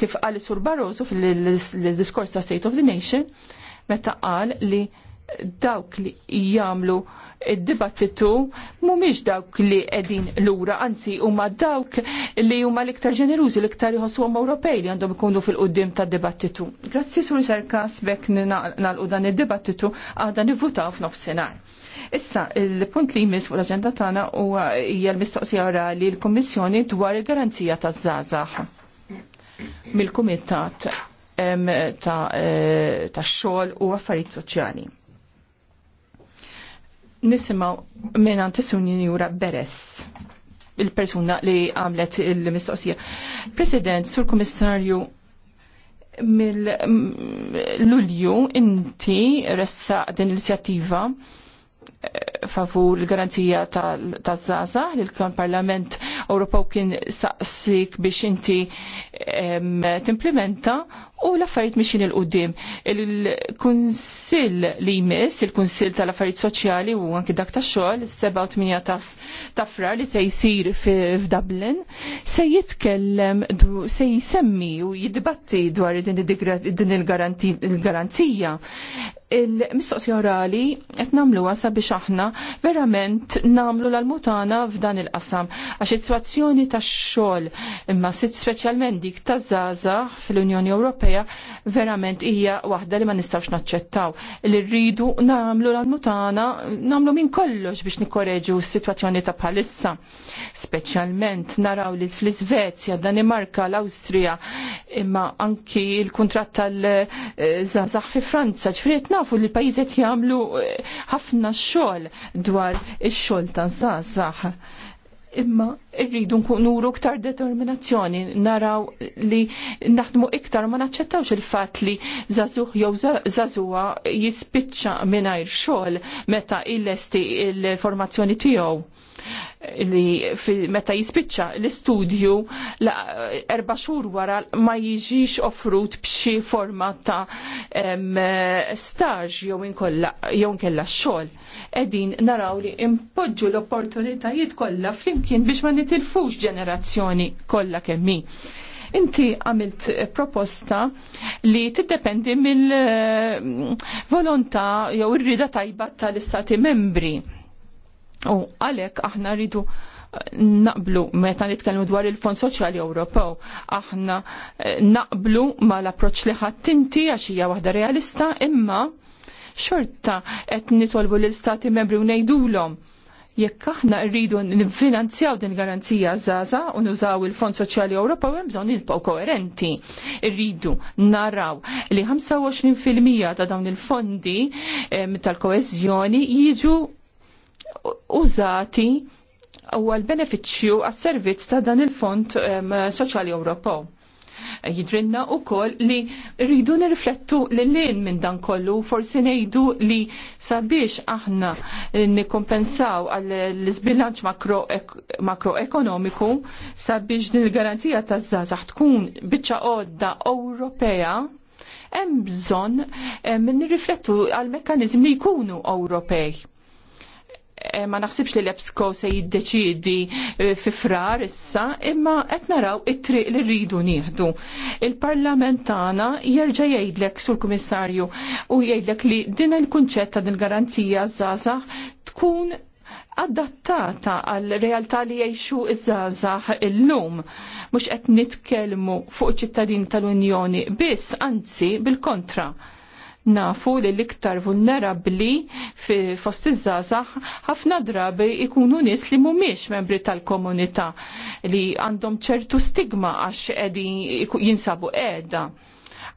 kif qal sur Barroso fil-diskors ta' State of the Nation, meta qal li dawk li jagħmlu id-dibattitu mhumiex dawk li qegħdin lura, anzi huma dawk li huma l-iktar ġenerużi, l-iktar għom Ewropej li għandhom ikunu fil-qudiem tad-dibattitu. Grazzi sur Serkas bekk nagħlqu dan id-dibattitu għadha nivvutaw f'nofsinhar. Issa, il-punt li jmiss fuq l-aġenda tagħna huwa hija l-mistoqsija orali l-Kummissjoni dwar il-garanzija taż-żgħażagħ mill-Kumitat tax-xogħol eh, u affarijiet soċjali. Nisimgħu minn antisuni jura Beres il-persuna li għamlet il-mistoqsija. President, sur komissarju, mill-Lulju inti ressa din l-inizjattiva favur il-garanzija taż-żaza li l-Parlament Ewropew kien saqsik biex inti timplementa U l-affarijiet mixin il-qoddim. Il-Kunsill li jmiss, il-Kunsill tal-Affarijiet Soċjali u anki dak ta' xogħol, is 8 ta' frar li se jsir f'Dublin, se jitkellem se jsemmi u jiddibatti dwar din il-garanzija. Il-mistoqsija orali qed nagħmluha sabiex aħna verament nagħmlu l-mutana f'dan il-qasam għax it-sitwazzjoni tax-xogħol imma sit speċjalment dik taż-żgħażagħ fl-Unjoni Ewropea Ewropea verament hija waħda li ma nistawx naċċettaw. Li rridu namlu l-mutana, namlu minn kollox biex nikkoreġu s sitwazzjoni ta' bħalissa. Speċjalment naraw li fl-Svezja, Danimarka, l-Awstrija, imma anki il kuntrat tal żaħ fi Franza, ġifriet nafu li pajizet jamlu eh, ħafna xogħol dwar ix-xogħol ta' Zazax imma rridu nuru ktar determinazzjoni, naraw li naħdmu iktar ma naċċettawx il-fat li zazuħ jew zazuwa jispiċċa mingħajr xogħol meta illesti il-formazzjoni tiegħu li meta jispiċċa l-istudju erba xhur wara ma jiġix offrut b'xi forma ta' staġ jew inkella xogħol edin naraw li impoġġu l-opportunitajiet kollha flimkien biex ma nitilfux ġenerazzjoni kollha kemmi. Inti għamilt eh, proposta li tiddependi mill-volontà eh, jew ir-rida tajba tal-istati membri. U għalek aħna rridu eh, naqblu meta nitkellmu dwar il-Fond Soċjali Ewropew, aħna naqblu mal approċċ li ħadd inti għax hija waħda realista, imma xorta qed nitolbu l-istati membri u ngħidulhom jekk aħna rridu nifinanzjaw din garanzija żaża u nużaw il-Fond Soċjali Ewropa hemm bżonn nibqgħu koerenti. Irridu naraw li 25% ta' dawn il-fondi tal-koeżjoni jiġu użati u għal benefiċċju għas-servizz ta' dan il-Fond Soċjali Ewropew jidrinna u koll li rridu nirriflettu l-lin minn dan kollu forsi nejdu li sabiex aħna nikompensaw għal l makroekonomiku sabiex din il-garanzija ta' zazax tkun bieċa għodda Ewropea hemm bżonn eh, nirriflettu għal mekkaniżmi jkunu Ewropej Eh, ma naħsibx li l-EBSCO se jiddeċidi eh, fi frar issa, imma qed naraw it-triq li rridu nieħdu. Il-parlamentana jerġa' jgħidlek sur kummissarju u jgħidlek li din il-kunċett ta' din garanzija żgħażagħ tkun adattata għal realtà li jgħixu iż-żgħażagħ illum. Mhux qed nitkellmu fuq ċittadin tal-Unjoni biss, anzi bil-kontra nafu li l-iktar vulnerabli fi fost iż-żazax ħafna drabi ikunu nies li mhumiex membri tal-komunità li għandhom ċertu stigma għax qegħdin jinsabu qiegħda.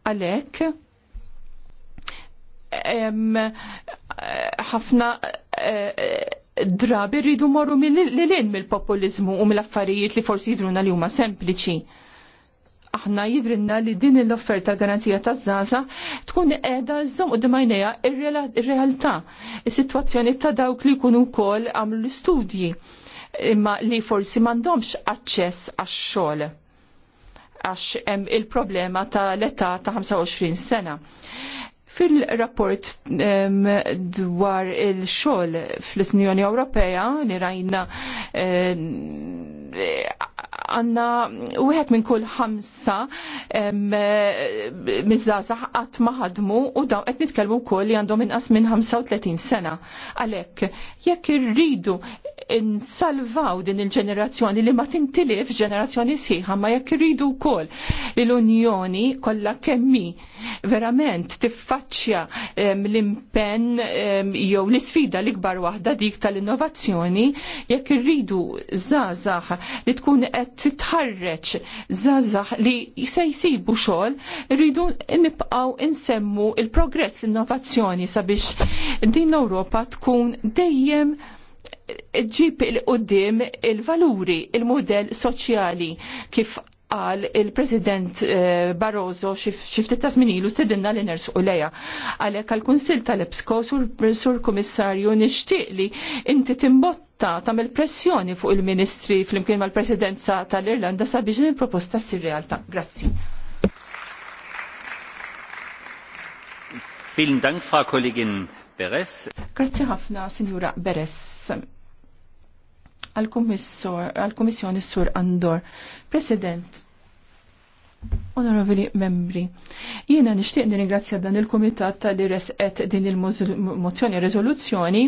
Għalhekk ħafna e, drabi rridu morru mill-lin mill-populizmu u mill-affarijiet li forsi jidruna li huma sempliċi aħna jidrinna li din l-offerta garanzija ta' zaza tkun edha zom u dimajneja ir-realtà, il situazzjoni ta' dawk li kunu kol għamlu l-studji imma li forsi mandomx aċċess għax xogħol għax il-problema ta' l-età ta' 25 sena. Fil-rapport dwar il-xogħol fl-Unjoni Ewropea li rajna għanna wieħed minn kull ħamsa mizzazax qatt ma ħadmu u dawn qed nitkellmu wkoll li għandhom inqas minn 35 sena. Għalhekk jekk irridu insalvaw din il-ġenerazzjoni li ma tintilif ġenerazzjoni sħiħa ma jekk irridu wkoll li l-Unjoni kollha kemmi verament tiffaċċja l-impenn jew l isfida l-ikbar waħda dik tal-innovazzjoni jekk irridu żgħażagħ li tkun qed titħarreġ żgħażagħ li se jsibu xogħol irridu nibqgħu insemmu il-progress l-innovazzjoni sabiex din Ewropa tkun dejjem ġib il-qoddim il-valuri, il-modell soċjali kif qal il-President eh, Barroso xiftit ta' ilu stedinna li ners u leja. Għalek għal-Kunsil tal-EPSCO sur komissarju nishtiq li inti timbotta il pressjoni fuq il-Ministri fl-imkien mal-Presidenza tal-Irlanda sabiex il-proposta s realtà. Grazzi. Vielen Dank, Frau Kollegin Beres. Grazie ħafna, Signora Beres għal-Kummissjoni Sur Andor. President, Onorovili membri, jiena nixtieq nirringrazzja dan il-Kumitat tal-li resqet din il-mozzjoni rezoluzzjoni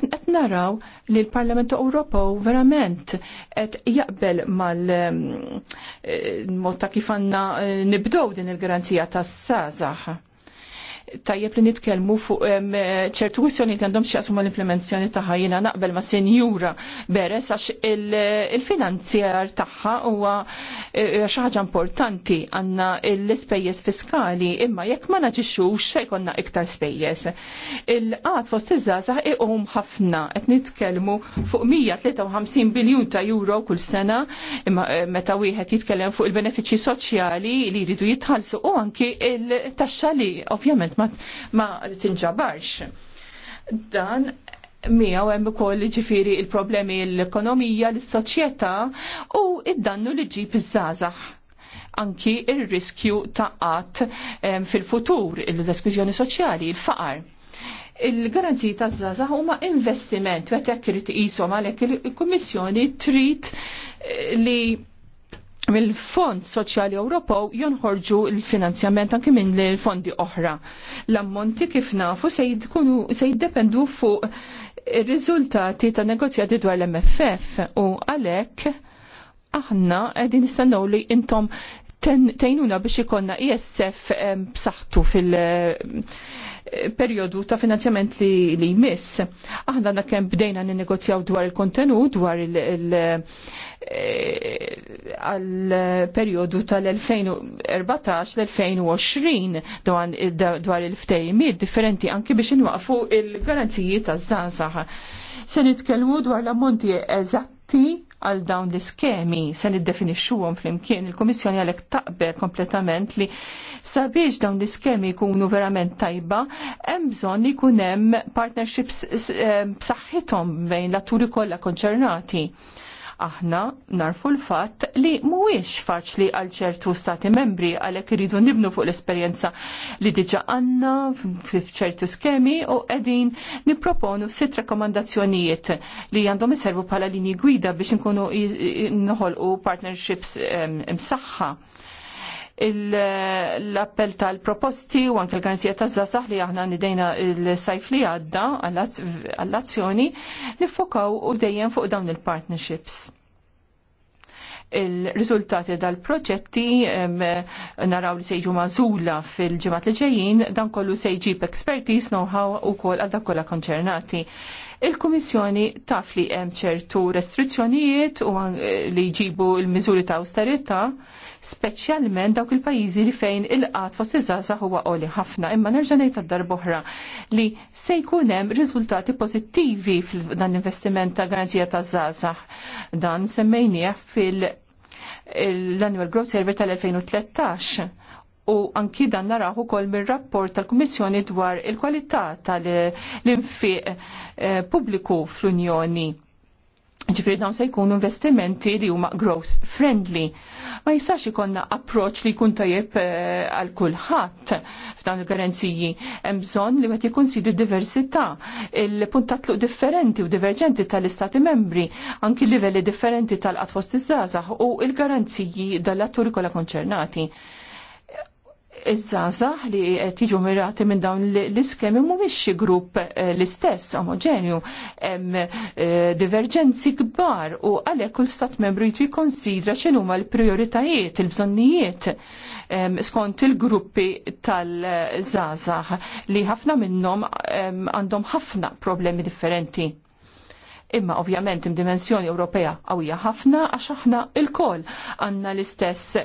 qed naraw li l-Parlament Ewropew verament qed jaqbel mal-mod ehm, eh, ta' kif għandna eh, nibdew din il-garanzija tas-sażaħ tajjeb li nitkellmu fuq ċertu kwistjoni li għandhom xaqsu ma l-implementazzjoni tagħha jiena naqbel ma' senjura beres għax il-finanzjar tagħha huwa e, e, xi ħaġa importanti għandna l-ispejjeż fiskali imma jekk ma naġiċu se jkollna iktar spejjeż. Il-qat fost iż-żgħażagħ iqhom ħafna qed nitkellmu fuq 153 biljun ta' euro kull sena imma e, meta wieħed jitkellem fuq il-benefiċċji soċjali li jridu jitħallsu u anki il-taxxa li ovvjament ma tinġabarx. Dan miegħu hemm ukoll ġifieri il-problemi l-ekonomija, l-soċjetà u id-dannu li ġib iż-żgħażagħ anki ir-riskju ta' qatt fil-futur, il-diskussjoni soċjali, il-faqar il-garanziji ta' żgħażagħ huma investiment, u irid irrit għalhekk il kummissjoni trid eh, li mill-Fond Soċjali Ewropew jonħorġu l-finanzjament anke minn l-fondi oħra. L-ammonti kif nafu se jiddependu fuq ir-riżultati ta' negozjati dwar l-MFF u għalhekk aħna qegħdin nistennew li intom tejnuna biex ikonna ISF b'saħħtu fil- periodu ta' finanzjament li, li jmiss. Aħna na kemm bdejna ninnegozjaw dwar il-kontenut, dwar il-periodu il, il, eh, tal-2014 l-2020 dwar il-ftejmiet differenti anki biex inwaqfu il-garanzijiet ta' żdansaħ. Se nitkellmu dwar l-ammonti eżatt atti għal dawn l-iskemi se niddefinixxuhom flimkien il-Kummissjoni għalhekk taqbel kompletament li sabiex dawn l-iskemi jkunu verament tajba hemm bżonn li hemm partnerships eh, b'saħħithom bejn l-atturi kollha konċernati Aħna narfu l-fatt li mhuwiex faċli għal ċertu stati membri għalhekk iridu nibnu fuq l-esperjenza li diġa għandna f'ċertu skemi u qegħdin nipproponu sitt rekomandazzjonijiet li għandhom iservu bħala linji gwida biex nkunu noħolqu partnerships msaħħa l-appell tal-proposti u anke l-garanzija ta' zazax li aħna nidejna l-sajf li għadda għall-azzjoni nifokaw u dejjem fuq dawn il-partnerships il-rizultati dal-proġetti naraw li sejġu mażula fil-ġemat li ġejjin dan kollu sejġib expertise know-how u kol għadda kolla konċernati. Il-Kummissjoni taf li hemm ċertu restrizzjonijiet u li jġibu l-miżuri ta' austerità speċjalment dawk il-pajjiżi li fejn il-qat fost iż-żgħażagħ huwa qoli ħafna, imma nerġa' ngħid għad darboħra li se jkun hemm riżultati pożittivi f'dan l-investiment ta' garanzija taż-żgħażagħ. Dan semmejnieh fil- l-Annual Growth Survey tal-2013 u anki dan naraħ ukoll mir-rapport tal-Kummissjoni dwar il-kwalità tal-infiq eh, pubbliku fl-Unjoni Ġifri dawn se jkunu investimenti li huma growth friendly. Ma jistax ikonna approċ li jkun tajjeb eh, għal kulħadd f'dawn il-garanziji. Hemm bżonn li qed jikkonsidru diversità, il ta' tluq differenti u diverġenti tal-istati membri, anki livelli differenti tal-qatfost iż-żgħażagħ u il-garanziji dal-atturi kollha konċernati iż-żgħażagħ li qed jiġu mirati minn dawn l-iskemi mhumiex xi grupp eh, l-istess omoġenju hemm eh, diverġenzi kbar u għalhekk kull stat membru jrid jikkonsidra x'in huma l-prijoritajiet, il-bżonnijiet skont il-gruppi tal żaħ li ħafna minnhom għandhom ħafna problemi differenti imma ovvjament im dimensjoni Ewropea qawwija ħafna għax aħna lkoll għandna l-istess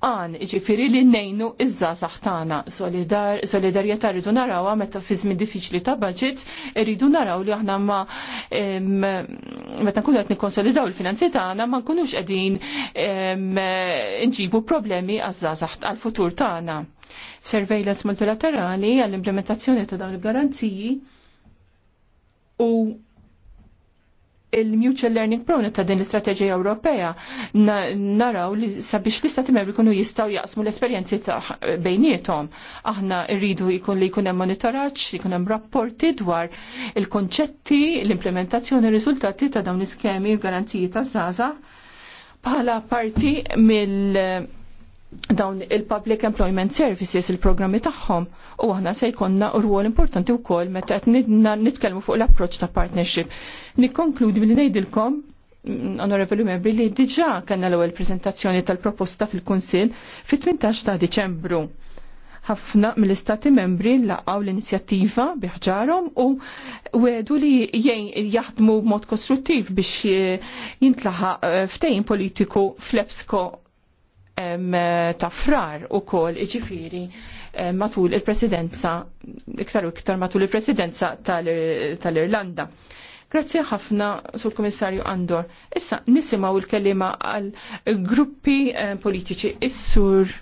għan ġifiri li nejnu izza saħtana. Solidar, solidarieta rridu narawa meta fi żmien diffiċli ta' budgets, rridu naraw li aħna ma meta nkunu qed nikkonsolidaw il-finanzi tagħna ma nkunux qegħdin nġibu problemi għaż saħt għall-futur tagħna. Surveillance multilaterali għall-implementazzjoni ta' dawn il-garanziji u il-Mutual Learning prone ta' din l-istrateġija Ewropea naraw li sabiex l-istati membri kunu jistaw jaqsmu l-esperjenzi ta' bejnietom. Aħna rridu jkun li jkun hemm monitoraġġ, jkun hemm rapporti dwar il-konċetti, l-implementazzjoni, r-riżultati ta' dawn l-iskemi u garanziji ta' zaza bħala parti mill- dawn il-Public Employment Services il-programmi tagħhom u aħna se jkollna rwol importanti wkoll meta qed nitkellmu fuq l-approċċ ta' partnership. Nikkonkludi billi ngħidilkom mm, onorevoli membri li diġà kellna l-ewwel preżentazzjoni tal-proposta fil-Kunsill fit-18 ta' Diċembru. Ħafna mill-istati membri laqgħu l-inizjattiva biħġarhom u wedu li jaħdmu b'mod kostruttiv biex eh, jintlaħaq eh, ftejn politiku fl-EPSCO ta' frar u kol iġifiri matul il-presidenza, iktar u iktar matul il-presidenza tal-Irlanda. Grazzi ħafna sul komissarju Andor. Issa nisimaw il-kellima għal gruppi politiċi is-sur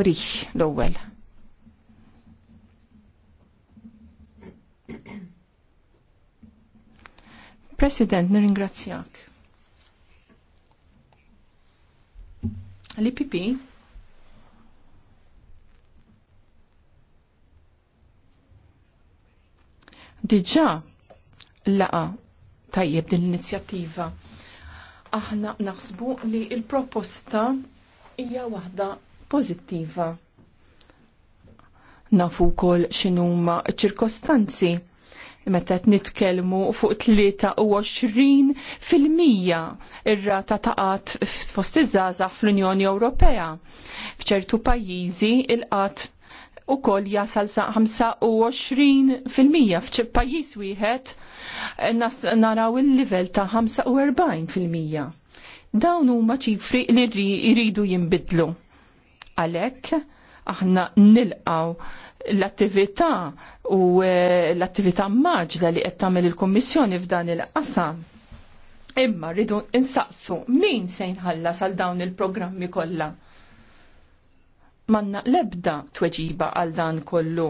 Orix l-ewwel. President, nirringrazzjak. L-IPP diġa laqa tajjeb din l-inizjattiva. Aħna naħsbu li il-proposta hija waħda pożittiva. Nafu kol xinuma ċirkostanzi meta qed nitkellmu fuq 23 fil-mija ir-rata ta' qatt fost iż-żgħażagħ fl-Unjoni Ewropea. F'ċertu pajjiżi il-qatt ukoll jasal sa' 25 fil-mija pajjiż wieħed naraw il-livell ta' 45 fil-mija. Dawn huma ċifri li jridu jinbidlu. Għalhekk aħna nilqaw l-attività u eh, l-attività maġda li qed tagħmel il-Kummissjoni f'dan il-qasam. Imma rridu insaqsu min se jinħallas għal dawn il-programmi kollha. Manna lebda tweġiba għal dan kollu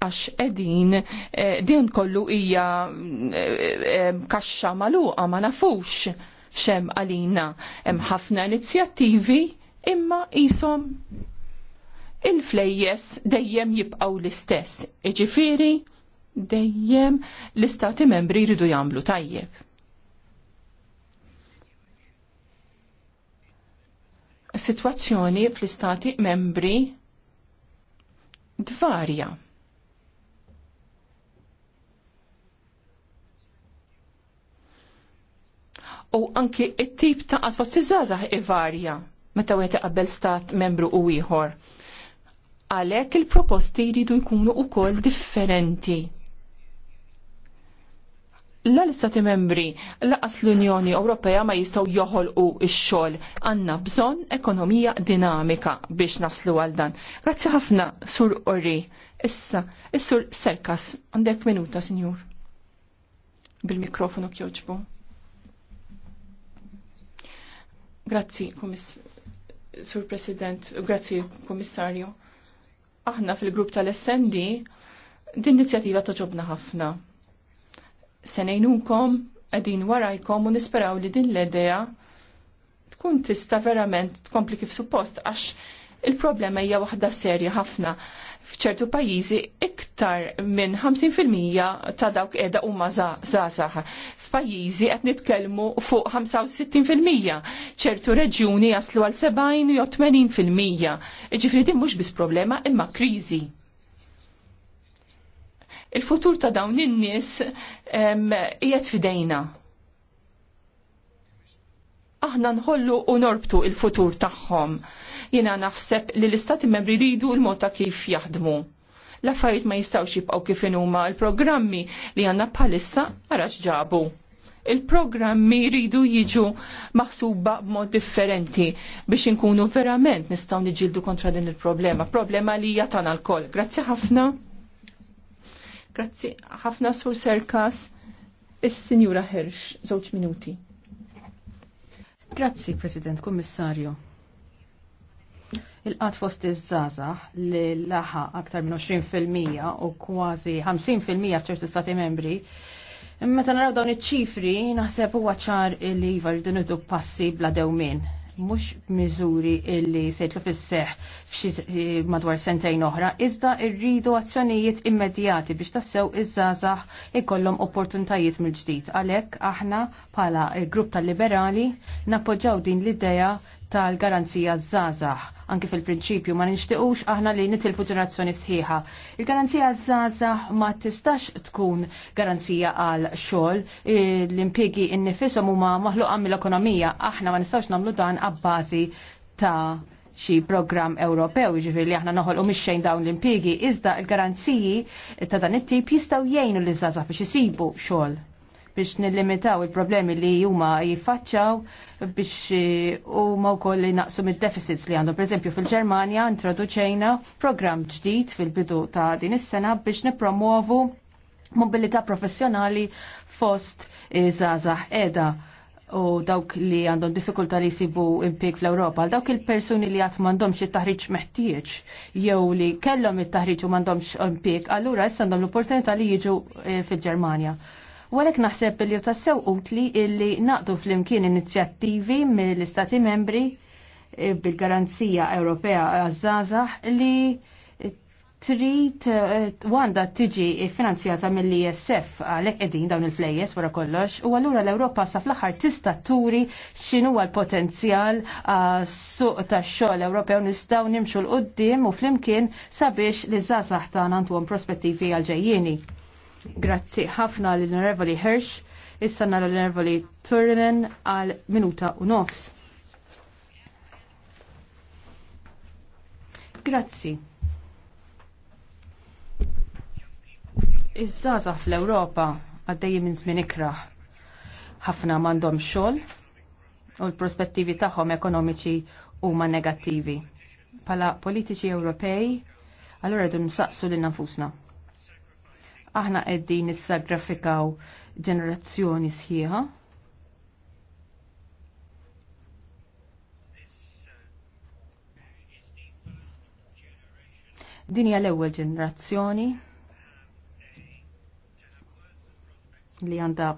għax edin eh, din kollu hija eh, eh kaxxa maluqa ma nafux xem għalina hemm ħafna inizjattivi imma isom il-flejjes dejjem jibqaw l-istess. Iġifiri, dejjem l-istati membri jridu jagħmlu tajjeb. Situazzjoni fl-istati membri dvarja. u anki it-tip ta' għatfas tiżazah i varja meta wieħed iqabbel stat membru u ieħor. Għalhekk il-proposti jridu jkunu wkoll differenti. l-istati membri laqas l-Unjoni Ewropea ma jistgħu joħolqu x-xogħol għandna bżonn ekonomija dinamika biex naslu għal dan. Grazzi ħafna sur Orri. Issa, is-sur Serkas, għandek minuta, Sinjur. Bil-mikrofonu kjoġbu. Grazzi, Sur President, grazzi, Komissarju aħna fil-grupp tal-SND din l-inizjativa toġobna ħafna. Senejnukom, għedin warajkom u nisperaw li din l-idea tkun tista verament tkompli kif suppost għax il-problema hija waħda serja ħafna f'ċertu pajjiżi iktar minn 50% ta' dawk qiegħda huma żgħażagħ. F'pajjiżi qed nitkellmu fuq 65%, ċertu reġjuni jaslu għal 70 jew 80%. Ġifieri din mhux biss problema imma kriżi. Il-futur ta' dawn in-nies qiegħed fidejna aħna nħollu u norbtu il-futur tagħhom. Jiena naħseb li l-istati membri ridu l-mod ta' kif jaħdmu. L-affarijiet ma jistawx jibqgħu kif huma l-programmi li għandna bħalissa għarax ġabu. Il-programmi jridu jiġu maħsuba b'mod differenti biex inkunu verament nistgħu niġildu kontra din il-problema, problema li hija tagħna lkoll. Grazzi ħafna. Grazzi ħafna sur Serkas. Is-Sinjura Hirsch, żewġ minuti. Grazzi, President Kommissarju il-qat fost iż-żazax li laħa aktar minn 20% u kważi 50% f'ċerti stati membri. Meta naraw dawn iċ-ċifri, naħseb huwa ċar li iva rridu passi bla dewmin. Mhux miżuri illi sejtlu fisseħ f'xi madwar sentejn oħra, iżda rridu azzjonijiet immedjati biex tassew iż-żazax ikollhom opportunitajiet mill-ġdid. Għalhekk aħna bħala grupp tal-liberali nappoġġaw din l-idea tal-garanzija żazax anke fil-prinċipju ma nixtiqux aħna li nitilfu ġenerazzjoni sħiħa. Il-garanzija żgħażagħ ma tistax tkun garanzija għal xogħol, l-impjegi innifisom huma għam mill-ekonomija, aħna ma nistax nagħmlu dan abbażi ta' xi program Ewropew, ġifir li aħna noħolqu mixxejn dawn l impiegi iżda il garanziji ta' dan it-tip jistgħu jgħinu l-iżgħażagħ biex isibu xogħol biex nillimitaw il-problemi li huma jiffaċċaw biex eh, huma wkoll naqsu mid-deficits li għandhom. Pereżempju fil-Ġermanja introduċejna programm ġdid fil-bidu ta' din is-sena biex nippromovu mobilità professjonali fost iżgħażagħ eh, qiegħda u dawk li għandhom diffikulta li jisibu impieg fl-Europa, dawk il-persuni li għat mandomx il-taħriġ meħtieġ, jew li kellhom il-taħriġ u mandomx impik, allura jess għandhom l-opportunità li jiġu eh, fil ġermanja Walek naħseb li tassew utli illi naqdu flimkien inizjattivi mill-Istati membri eh, bil-Garanzija Ewropea għaż-żgħażagħ li trid eh, għanda tiġi finanzjata mill-ISF għalhekk qegħdin dawn il-flejjes wara kollox u allura l-Ewropa sa fl-aħħar tista' turi x'inhu l-potenzjal suq tax-xogħol Ewropew nistgħu nimxu l-qudiem u flimkien sabiex li żgħażagħ tagħna għandhom prospettivi għal ġejjieni. Grazzi ħafna l-Onorevoli Hirsch, issa nara l-Onorevoli Turinen għal minuta u nofs. Grazzi. Iż-żaza fl-Ewropa għaddej minn żmien ikraħ. Ħafna m'għandhom xogħol u l-prospettivi tagħhom ekonomiċi huma negattivi. Pala politiċi Ewropej, allora dun saqsu lil nafusna aħna qegħdin nissagrafikaw ġenerazzjoni sħiħa. Din hija l-ewwel ġenerazzjoni li għandha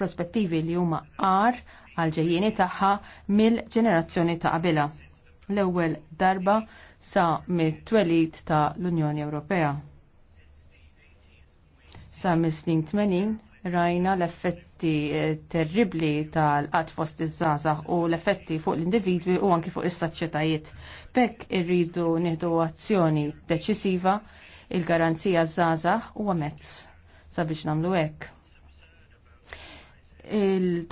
prospettivi li huma għar għal-ġejjieni tagħha mill-ġenerazzjoni ta' qabilha. L-ewwel darba sa mit-twelid ta' l-Unjoni Ewropea. Sa mis-snin 80 rajna l-effetti eh, terribli tal-qat fost iż-żazax u l-effetti fuq l-individwi u anki fuq is-saċċetajiet. Pekk irridu nieħdu azzjoni deċisiva il-garanzija żazax huwa mezz sabiex nagħmlu hekk.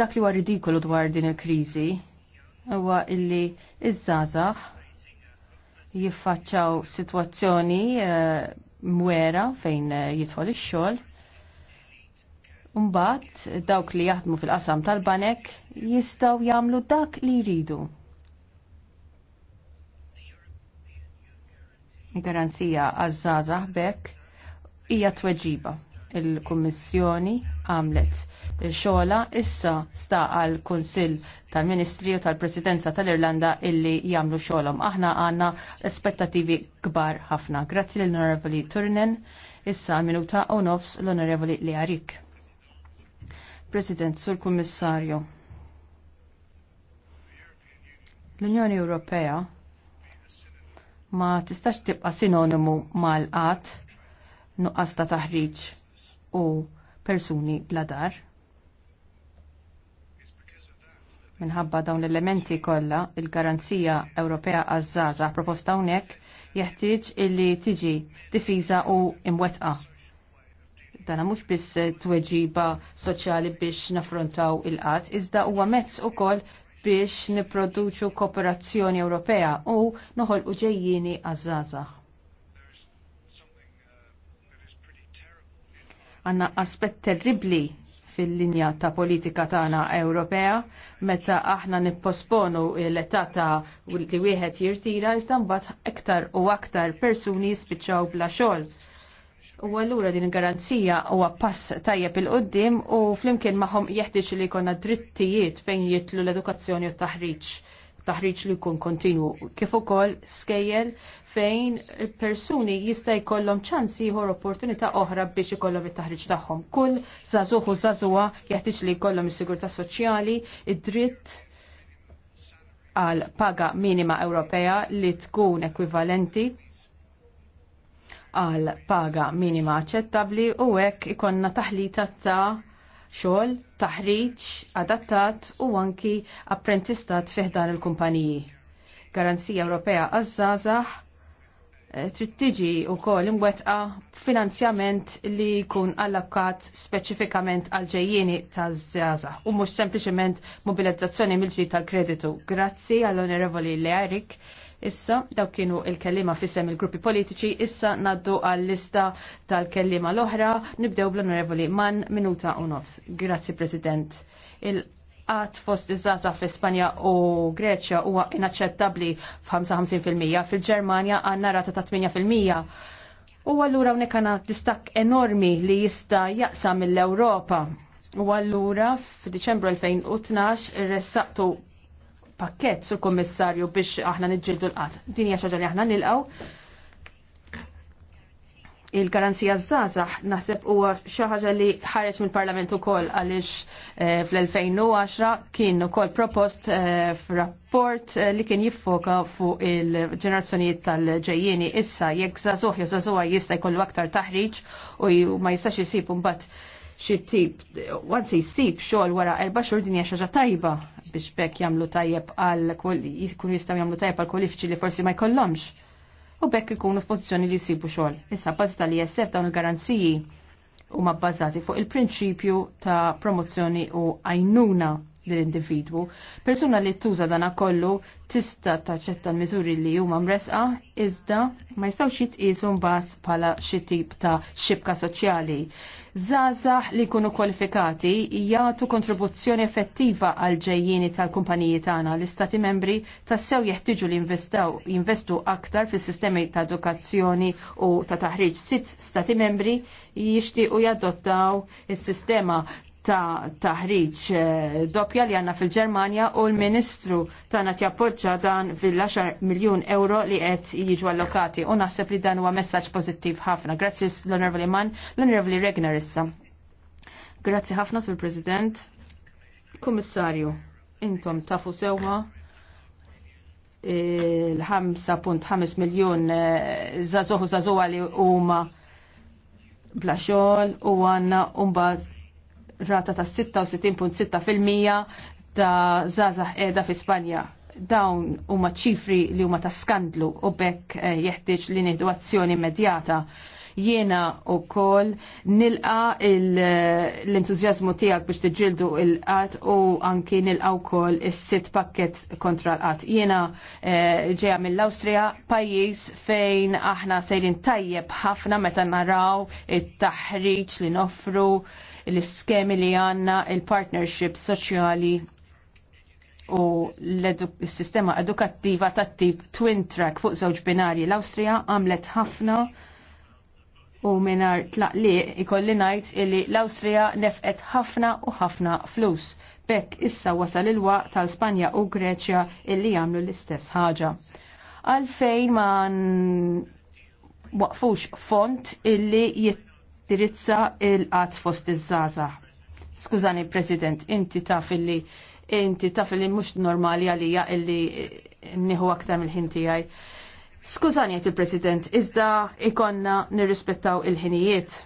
Dak li huwa ridikolu dwar din il-kriżi huwa illi iż-żazax jiffaċċaw sitwazzjoni eh, mwera fejn eh, jidħol ix-xogħol Umbat, dawk li jaħdmu fil-qasam tal-banek jistaw jamlu dak li jridu. Garanzija għazzaza bekk hija tweġiba. Il-Kummissjoni għamlet il-xola issa sta għal Kunsill tal-Ministri u tal-Presidenza tal-Irlanda illi jamlu xolom. Aħna għanna aspettativi kbar ħafna. Grazzi l-Onorevoli Turnen, issa minuta u nofs l-Onorevoli Learik. President, Sur Kummissarju. L-Unjoni Ewropea ma tistax tibqa' sinonimu mal-qatt nuqqas ta' taħriġ u persuni bla dar. Minħabba dawn l-elementi kollha, il-Garanzija Ewropea għaż-żgħażagħ proposta hawnhekk jeħtieġ illi tiġi difiża u imwettqa' tana mhux biss tweġiba soċjali biex naffrontaw il-qatt, iżda huwa mezz ukoll biex nipproduċu kooperazzjoni Ewropea u noħolqu ġejjini għaż-żgħażagħ. Għanna aspett terribli fil-linja ta' politika tagħna Ewropea meta aħna nipposponu l-età ta' li wieħed jirtira iżda mbagħad iktar u aktar persuni jispiċċaw bla xogħol. U allura din il-garanzija huwa pass tajjeb il-qoddim u flimkien maħom jeħtieġ li jkollna drittijiet fejn jitlu l-edukazzjoni u t-taħriġ taħriġ li jkun kontinwu. Kif ukoll skejjel fejn persuni jista' jkollhom ċans ieħor opportunità oħra biex ikollhom it-taħriġ tagħhom. Kull żagħżugħ u żagħżugħa jeħtieġ li jkollhom is-sigurtà soċjali, id-dritt għal paga minima Ewropea li tkun ekwivalenti għal paga minima aċċettabbli u hekk ikonna taħlita ta' xogħol, taħriġ, adattat u anki apprentistat fiħdan il-kumpaniji. Garanzija Ewropea għaż-żgħażagħ eh, trid tiġi wkoll imwettqa finanzjament li jkun allokat speċifikament għal ġejjieni taż-żgħażagħ u mhux sempliċement mobilizzazzjoni mill-ġdid tal-kreditu. Grazzi għall-Onorevoli Learik Issa, daw kienu il-kellima fissem il-gruppi politiċi, issa naddu għall-lista tal-kellima l-oħra, nibdew bl-onorevoli man minuta u nofs. Grazzi, President. Il għat fost iż-żaza fl-Ispanja u Greċja huwa inaċċettabbli f'55% fil-Ġermanja għandna rata ta' 8%. fil-mija. U allura hawnhekk għandna distakk enormi li jista' jaqsam mill-Ewropa. U allura f'Diċembru 2012 ressaqtu pakket sul kommissarju biex aħna nġildu l-qat. Din hija xaġa li aħna nilqaw. Il-garanzija z-zazax naħseb huwa xaħġa ħaġa li ħareġ mill-Parlament ukoll għaliex eh, fl-2010 kien ukoll propost eh, f'rapport eh, li kien jiffoka fuq il-ġenerazzjonijiet tal ġejjeni issa jekk żagħżugħ jew jista' jkollu aktar taħriġ u ma jistax isib mbagħad xi tip, anzi jsib xogħol wara erba' xhur din hija xi ħaġa tajba biex bekk jagħmlu tajjeb għal jikun jistgħu jagħmlu tajjeb għal kwalifiċi li forsi ma jkollhomx. U bekk ikunu f'pożizzjoni li jsibu xogħol. Issa bazz tal-ISF dawn il-garanziji huma bbażati fuq il-prinċipju ta' promozzjoni u għajnuna l-individwu. Persuna li tuża dana kollu tista taċċetta l-miżuri li huma mresqa iżda ma jistgħux jitqisu mbagħad bħala xi tip ta' xibka soċjali zazah li jkunu kwalifikati jagħtu kontribuzzjoni effettiva għal ġejjini tal-kumpaniji tagħna. L-Istati membri tassew jeħtieġu li investaw, jinvestu aktar fis-sistemi ta' edukazzjoni u ta' taħriġ. Sitt stati membri jixtiequ jadottaw is-sistema ta' taħriġ eh, doppja li għanna fil-Germania u l-Ministru għanna jappoġġa dan fil-10 miljon euro li qed jiġu allokati u naħseb li dan huwa messaġġ pożittiv ħafna. Grazzi l-Onorevoli Mann, l-Onorevoli Regner issa. Grazzi ħafna sul President. Kummissarju, intom tafu sewwa il-5.5 miljon eh, zazuħu zazuħa li huma bla xogħol u għandna mbagħad rata ta' 66.6% ta' zazah edha fi Spanja. Dawn huma ċifri li huma ta' skandlu u bekk eh, jeħtieġ li nieħdu azzjoni immedjata. Jiena u kol nilqa eh, l-entuzjazmu tijak biex tiġildu il-qat u anki nilqa u kol il-sit pakket kontra l-qat. Jiena eh, ġeja mill-Austria, pajis fejn aħna sejrin tajjeb ħafna meta naraw it-taħriċ li noffru l-iskemi li għanna il-partnership soċjali u l-sistema edukattiva tat tip twin track fuq żewġ binarji l-Awstrija għamlet ħafna u minar tlaqli ikolli najt illi l-Awstrija nefqet ħafna u ħafna flus. Bekk issa wasal il-waqt tal-Spanja u Greċja illi jagħmlu l-istess ħaġa. Għalfejn ma waqfux font illi jitt tirizza il qat fost iż-żaża. Skużani President, inti taf illi inti taf illi mhux normali għalija illi nieħu aktar mill-ħin tiegħi. Skużani għat il-President, iżda ikonna nirrispettaw il-ħinijiet.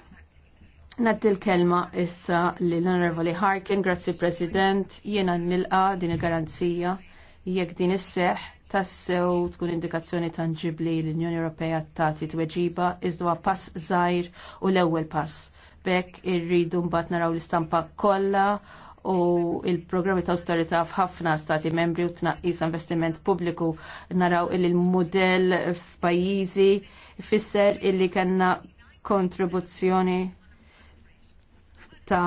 Naddi il kelma issa li l-Onorevoli Harkin, grazzi President, jiena nilqa din il-garanzija jekk din is-seħ tassew tkun indikazzjoni tangibli l-Unjoni Ewropea tagħti tweġiba iżda pass żgħir u l-ewwel pass. Bekk irridu mbagħad naraw l-istampa kollha u il-programmi ta' austerità f'ħafna stati membri u tnaqqis investiment pubbliku naraw il l-modell f'pajjiżi fisser illi kellna kontribuzzjoni ta'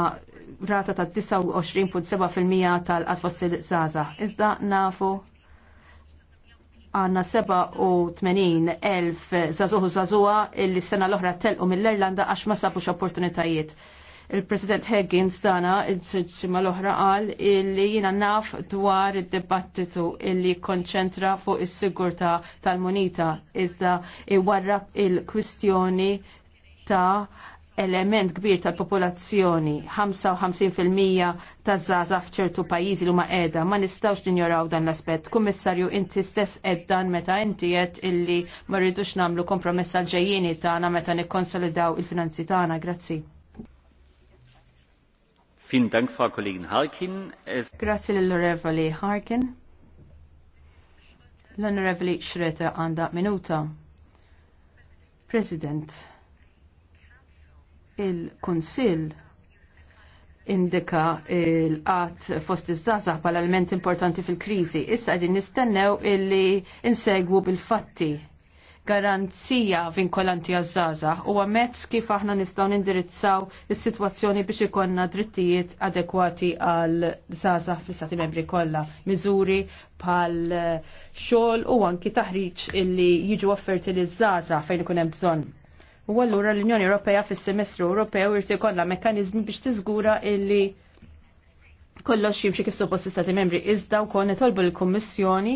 rata ta' 29.7% tal-qatfossil zaza. Iżda nafu għanna 87.000 zazuħu zazuħa illi s-sena l-oħra telqu mill-Irlanda għax ma sabux opportunitajiet. Il-President Higgins dana il-ġimma l-oħra qal illi jina naf dwar id-dibattitu illi konċentra fuq is-sigurta tal-monita iżda iwarrab il-kwistjoni ta' element kbir tal-popolazzjoni, 55% ta' zaza f'ċertu pajjiżi li huma qiegħda, ma nistgħux ninjoraw dan l-aspett. Kummissarju, inti stess qed meta inti qed illi ma rridux nagħmlu kompromess għal ġejjini tagħna meta nikkonsolidaw il-finanzi tagħna. Grazzi. Vielen Dank, Frau Kollegin Harkin. Grazie l-Onorevoli Harkin. L-Onorevoli Schroeter għanda minuta. President il-Kunsill indika l-qat fost iż-żazax bħala element importanti fil-kriżi. Issa qegħdin nistennew illi insegwu bil-fatti garanzija vinkolanti għaż-żazax huwa mezz kif aħna nistgħu nindirizzaw is-sitwazzjoni biex ikollna drittijiet adekwati għal żazax fl-istati membri kollha, miżuri bħal xogħol u anki taħriġ illi jiġu offerti liż-żazax fejn ikun hemm bżonn U allura l-Unjoni Ewropea fis-Semestru Ewropew irid ikollha mekkaniżmi biex tiżgura illi kollox jimxi kif suppost l istati membri iżda wkoll nitolbu l-Kummissjoni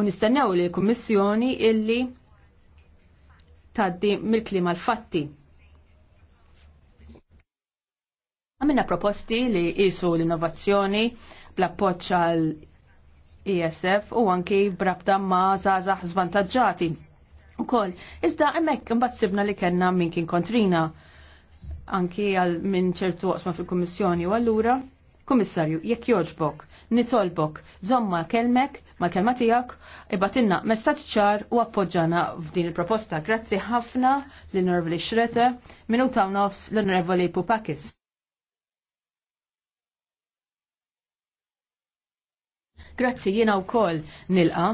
u nistennew li l-Kummissjoni illi tgħaddi mill-klima l-fatti. Għamilna proposti li jisu l-innovazzjoni bl-appoċċ għal ESF u anki brabda ma' zazax zvantagġati u kol, Iżda emmek mbatt sibna li kena minn kien kontrina anki għal minn ċertu għasma fil-Kommissjoni u għallura. Komissarju, jekk joġbok, nitolbok, zomma kelmek, ma kelma tijak, ibatinna messaċ ċar u appoġġana f'din il-proposta. Grazzi ħafna l-Nervli Xrete, minuta u nofs l-Nervli Pupakis. Grazzi jiena u kol nilqa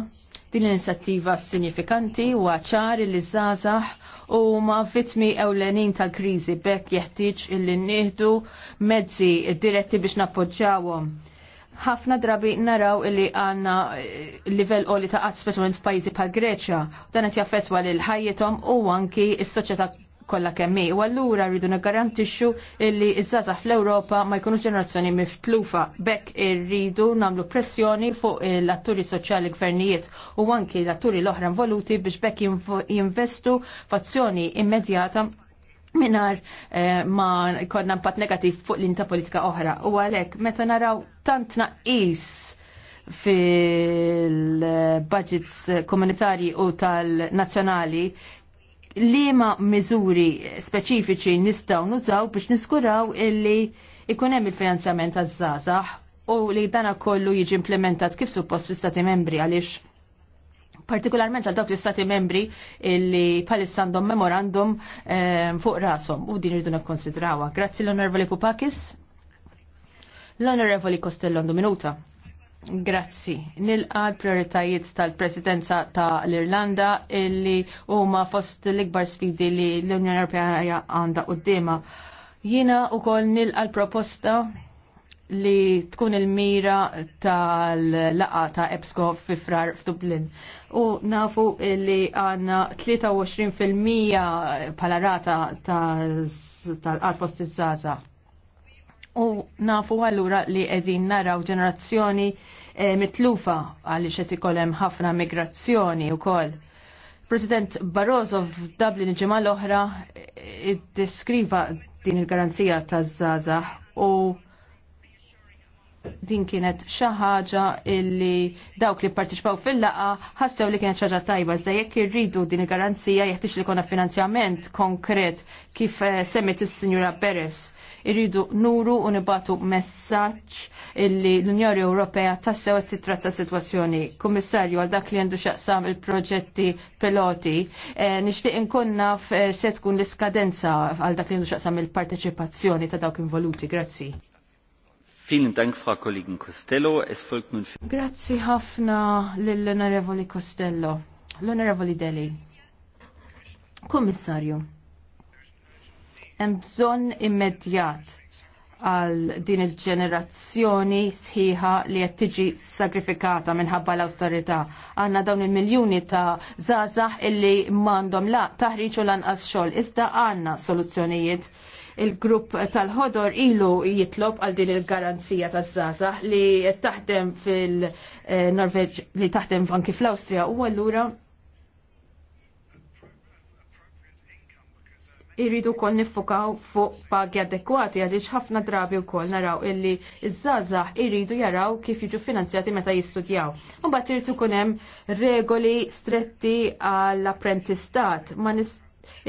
Din l-inizjattiva sinifikanti u għaċar li żgħażagħ u ma vittmi ewlenin tal-kriżi bekk jeħtieġ illi nieħdu mezzi diretti biex nappoġġawhom. Ħafna drabi naraw illi għanna eh, livell qoli ta' qatt speċjalment f'pajjiżi bħal Greċja, dan qed jaffettwa lil ħajjithom u anki s-soċjetà kollha kemm hi. U allura rridu naggarantixxu li iż-żgħażagħ fl-Ewropa ma jkunux ġenerazzjoni miftlufa. Bekk irridu nagħmlu pressjoni fuq l-atturi soċjali gvernijiet u anki l-atturi l-oħra involuti biex bekk jinvestu f'azzjoni immedjata minar eh, ma konna impatt negativ fuq l-inta politika oħra. U għalek, meta naraw tant naqis fil-budgets komunitari u tal-nazzjonali, liema miżuri speċifiċi nistgħu nużaw biex niskuraw illi ikun hemm il-finanzjament għaż-żgħażagħ u li dana kollu jiġi implementat kif suppost l istati membri għaliex partikolarment għal dawk l-istati membri li palissandom għandhom memorandum eh, fuq rasom u din rridu konsidrawa. Grazzi l-Onorevoli Pupakis. L-Onorevoli Costello għandu minuta. Grazzi. Nilqa l-prioritajiet tal-presidenza ta' l-Irlanda illi huma fost l-ikbar sfidi li l-Unjoni Ewropea għandha qudiema. Jiena wkoll nilqa l-proposta li tkun il-mira tal-laqa ta' EBSCO fifrar f'Dublin. U nafu li għanna 23% pala rata tal-qat fost iż-żaza. U nafu allura li qegħdin naraw ġenerazzjoni e, mitlufa għaliex qed ikolhem ħafna migrazzjoni wkoll. President Barroso f'Dublin ġimgħa l-oħra eh, iddeskriva din il-garanzija taż zaza u din kienet xi ħaġa illi dawk li pparteċipaw fil-laqa ħassew li kienet xi ħaġa tajba zda jekk irridu din il-garanzija jeħtieġ li konna finanzjament konkret kif eh, semmit is-Sinjura Perez irridu nuru u nibatu messaġġ illi l-Unjoni Ewropea tassew qed titratta sitwazzjoni. Kummissarju għal dak li għandu xaqsam il-proġetti piloti, eh, nixtieq inkun naf eh, se tkun l-iskadenza għal dak li għandu xaqsam il-parteċipazzjoni ta' dawk involuti. Grazzi. Vielen Dank, Frau Kollegin Costello. Es folgt nun... Grazzi ħafna l-Onorevoli Costello. L-Onorevoli Deli. Kommissarju hemm bżonn immedjat għal din il-ġenerazzjoni sħiħa li qed tiġi sagrifikata minħabba l awstarità Għandna dawn il-miljuni ta' żgħażagħ illi m'għandhom la taħriġ u lanqas xogħol. Iżda għandna soluzzjonijiet il-grupp tal-ħodor ilu jitlob għal din il-garanzija taż-żgħażagħ li taħdem fil-Norveġ eh, li taħdem anki fl-Awstrija u allura irridu kol nifukaw fuq pagi adekwati għaliex ħafna drabi u kol naraw illi iż-żazax irridu jaraw kif jiġu finanzjati meta jistudjaw. Un bat ikun hemm regoli stretti għall-apprentistat ma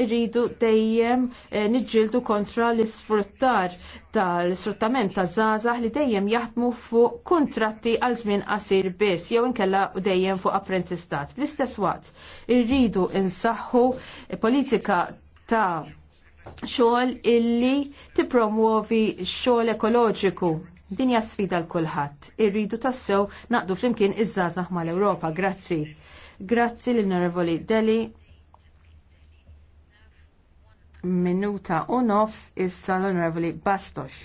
irridu dejjem eh, niġġieldu kontra l-isfruttar tal-sfruttament ta' żgħażagħ li dejjem jaħdmu fuq kuntratti għal żmien qasir biss jew inkella dejjem fuq apprentistat. Fl-istess waqt irridu insaħħu politika ta' xogħol illi tippromuovi xogħol ekoloġiku. Dinja sfida l kulħadd Irridu tassew naqdu flimkien iż-żgħażagħ mal-Ewropa. Grazzi. Grazzi lil Nervoli Deli. Minuta u nofs issa l-Onorevoli Bastos.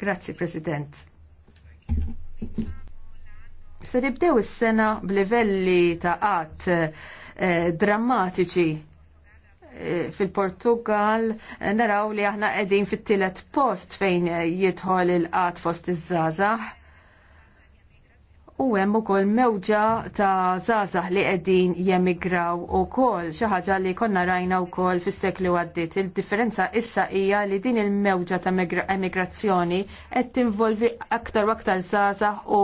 Grazzi, President. Se nibdew is-sena b'livelli ta' qatt eh, drammatiċi fil-Portugal naraw li aħna qegħdin fit-tielet post fejn jidħol il-qat fost iż-żgħażagħ U hemm ukoll mewġa ta' żgħażagħ li qegħdin jemigraw ukoll xi ħaġa li konna rajna wkoll fis-seklu għaddiet. Il-differenza issa hija li din il-mewġa ta' emigrazzjoni qed tinvolvi aktar u aktar żgħażagħ u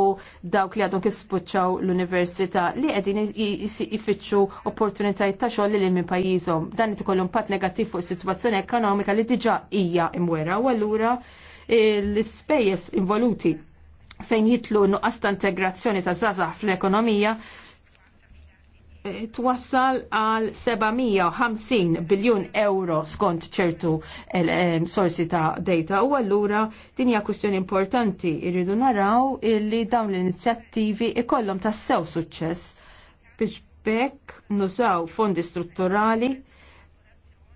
dawk li għadhom kispuċċaw l-università li qegħdin jfittxu opportunitajiet ta' xogħol li minn pajjiżhom. Dan qed ikollhom impatt negattiv fuq is-sitwazzjoni ekonomika li diġà hija imwera u allura eh, l-ispejjeż involuti fejn jitlu nuqqas ta' integrazzjoni ta' zazax fl-ekonomija e, twassal għal 750 biljun euro skont ċertu e, e, sorsi ta' data u allura din hija kwistjoni importanti irridu naraw illi dawn l-inizjattivi ikollhom tassew suċċess biex bekk nużaw fondi strutturali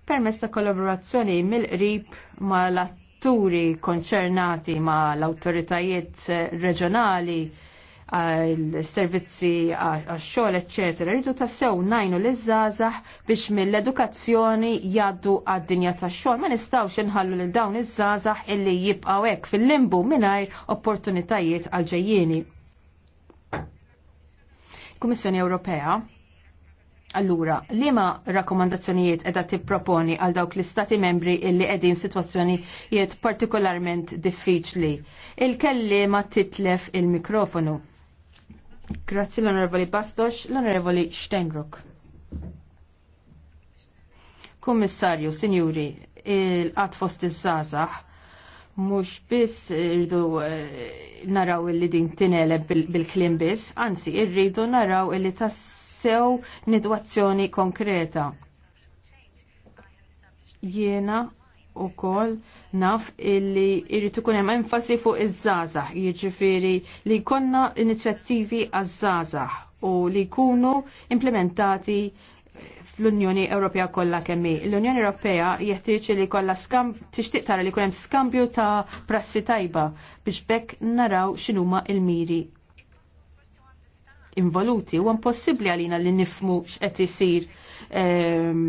permezz ta' kollaborazzjoni mill-qrib mal setturi konċernati ma l-autoritajiet eh, reġjonali għal-servizzi għax-xogħol, eċetera, rridu tassew najnu l żgħażagħ biex mill-edukazzjoni jaddu għad-dinja tax-xogħol. Ma nistgħux inħallu lil dawn iż-żgħażagħ illi jibqgħu hekk fil-limbu mingħajr opportunitajiet għal-ġejjieni. Kummissjoni Ewropea Allura, ma rakkomandazzjonijiet edha tipproponi għal dawk l-istati membri illi edin jiet partikolarment diffiċli? Il-kelli ma titlef il-mikrofonu. Grazzi l-Onorevoli Bastos, l-Onorevoli Steinruck. Kommissarju, sinjuri, il-qat fost iż sazax mux biss irridu eh, naraw li din tineleb bil klimbis biss, anzi irridu naraw li tas sew nidwazzjoni konkreta. Jiena u kol naf illi irrit ikun hemm enfasi fuq iż-żgħażagħ, jiġifieri li jkollna inizjattivi għaż-żgħażagħ u li jkunu implementati fl-Unjoni Ewropea kollha kemm L-Unjoni Ewropea jeħtieġ li kollha skamb tixtieq tara li jkun hemm skambju ta' prassi tajba biex bekk naraw x'inhuma l-miri involuti u impossibbli għalina li nifmu x'qed isir ehm,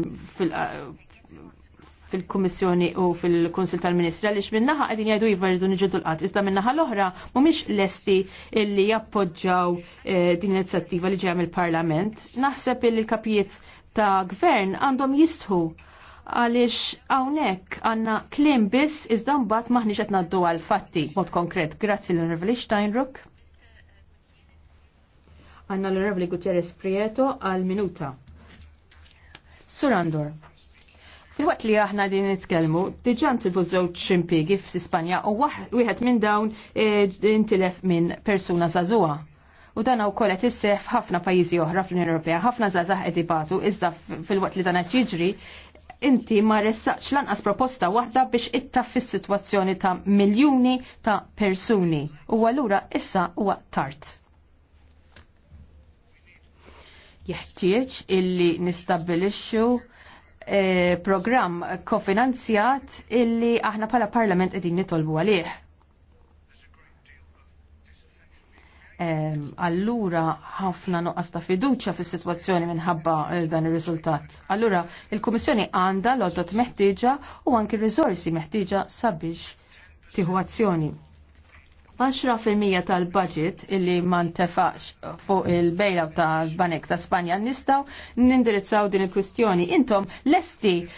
fil-Kummissjoni u fil-Konsil tal-Ministri għaliex minnaħa qegħdin jgħidu jivardu niġġieldu l-qatt, iżda minnaħa l-oħra mhumiex lesti li jappoġġjaw eh, din l-inizjattiva li ġejja mill-Parlament. Naħseb li l-kapijiet ta' gvern għandhom jistħu għaliex hawnhekk għandna kliem biss iżda mbagħad maħniex qed ngħaddu għal fatti mod konkret. Grazzi l-Onorevoli Steinruck. Għanna l-Onorevoli Gutierrez Prieto għal minuta. Surandor. fil wat li aħna din nitkelmu, diġan tilfu żewġ impjiegi f'Ispanja u wieħed minn dawn e, intilef minn persuna zazua. U dan wkoll qed issef ħafna pajjiżi oħra fl-Unjoni Ewropea, ħafna żgħażagħ qed ibatu, iżda fil-waqt li dan qed jiġri, inti ma ressaqx lanqas proposta waħda biex ittaf fis-sitwazzjoni ta' miljuni ta' persuni. U allura issa huwa tard. jeħtieġ illi nistabilixxu eh, programm kofinanzjat illi aħna pala parlament qegħdin nitolbu għalih. allura ħafna nuqqas ta' fiduċja fis-sitwazzjoni minħabba eh, dan ir-riżultat. Allura il-Kummissjoni għandha l-għodot meħtieġa u anke r-riżorsi meħtieġa sabiex tieħu azzjoni. 10% tal-budget illi ma ntefaqx fuq il bejla tal-Banek ta' Spanja nistaw nindirizzaw din il-kwistjoni. Intom lesti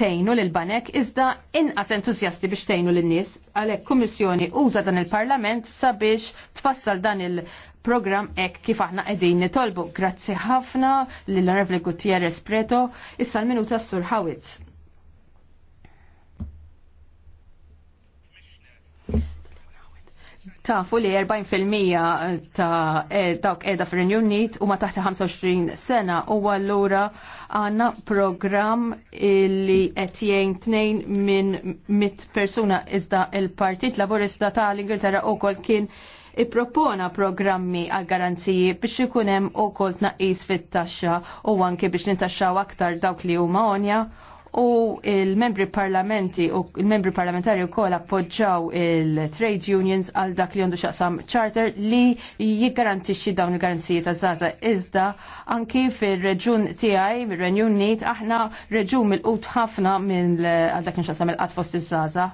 tejnu l-Banek iżda inqas entuzjasti biex tejnu l-nis għalek kummissjoni uża dan il-Parlament sabiex tfassal dan il- program ek kif aħna qegħdin nitolbu. Grazzi ħafna lill Revli Gutierrez Preto, issa l-minuta s-Sur Hawit. Tafu li 40% eh, ta' e-, dawk edha fir Unit u ma taħt 25 sena u għallura għanna program li jgħin tnejn minn mit persuna iżda il-Partit Laburista ta' l-Ingilterra u kol kien ippropona programmi għal garanziji biex ikun hemm ukoll tnaqqis fit-taxxa u anke biex nintaxxaw aktar dawk li huma onja u il-membri parlamenti u il-membri parlamentari u kol appoġġaw il-trade unions għal dak li għandu xaqsam charter li jiggarantixxi dawn il-garanziji ta' zaza iżda anki fil-reġun tiegħi mir-Renju Unit aħna reġun mill-qut ħafna minn għal dak xaqsam il-qat fost iż-żaza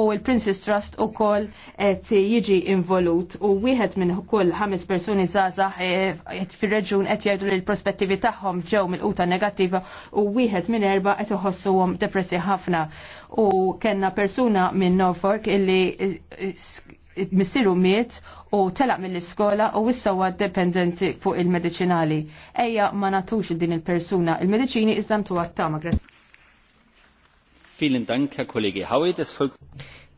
u il-Princess Trust u kol qed jiġi involut u wieħed minn kull ħames persuni zaza eh, fil-reġun qed jgħidu li l-prospettivi tagħhom ġew mill-quta negattiva u wieħed minn erba' qed nħossuhom depressi ħafna u kellna persuna minn Norfolk illi eh, missiru miet u telaq mill-iskola u issa huwa dependenti fuq il-medicinali. Ejja ma natux din il-persuna il-mediċini iżda ntuha tama. Vielen Dank, kollegi Kollege Howitt. Es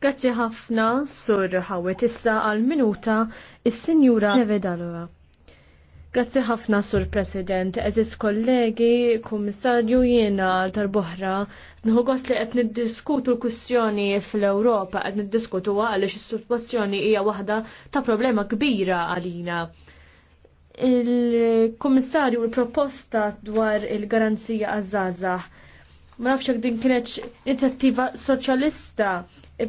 Grazzi ħafna, Sur Hawet. Issa għal minuta, is-Sinjura Nevedalova. Grazzi ħafna, Sur President, eżis kollegi, kummissarju jiena tal bohra nħu gost li qed niddiskutu l-kwistjoni fl-Ewropa, qed niddiskutu għaliex is-sitwazzjoni hija waħda ta' problema kbira għalina. Il-kummissarju l-proposta dwar il-garanzija għazzazah. Ma nafx din kienet inizjattiva soċjalista,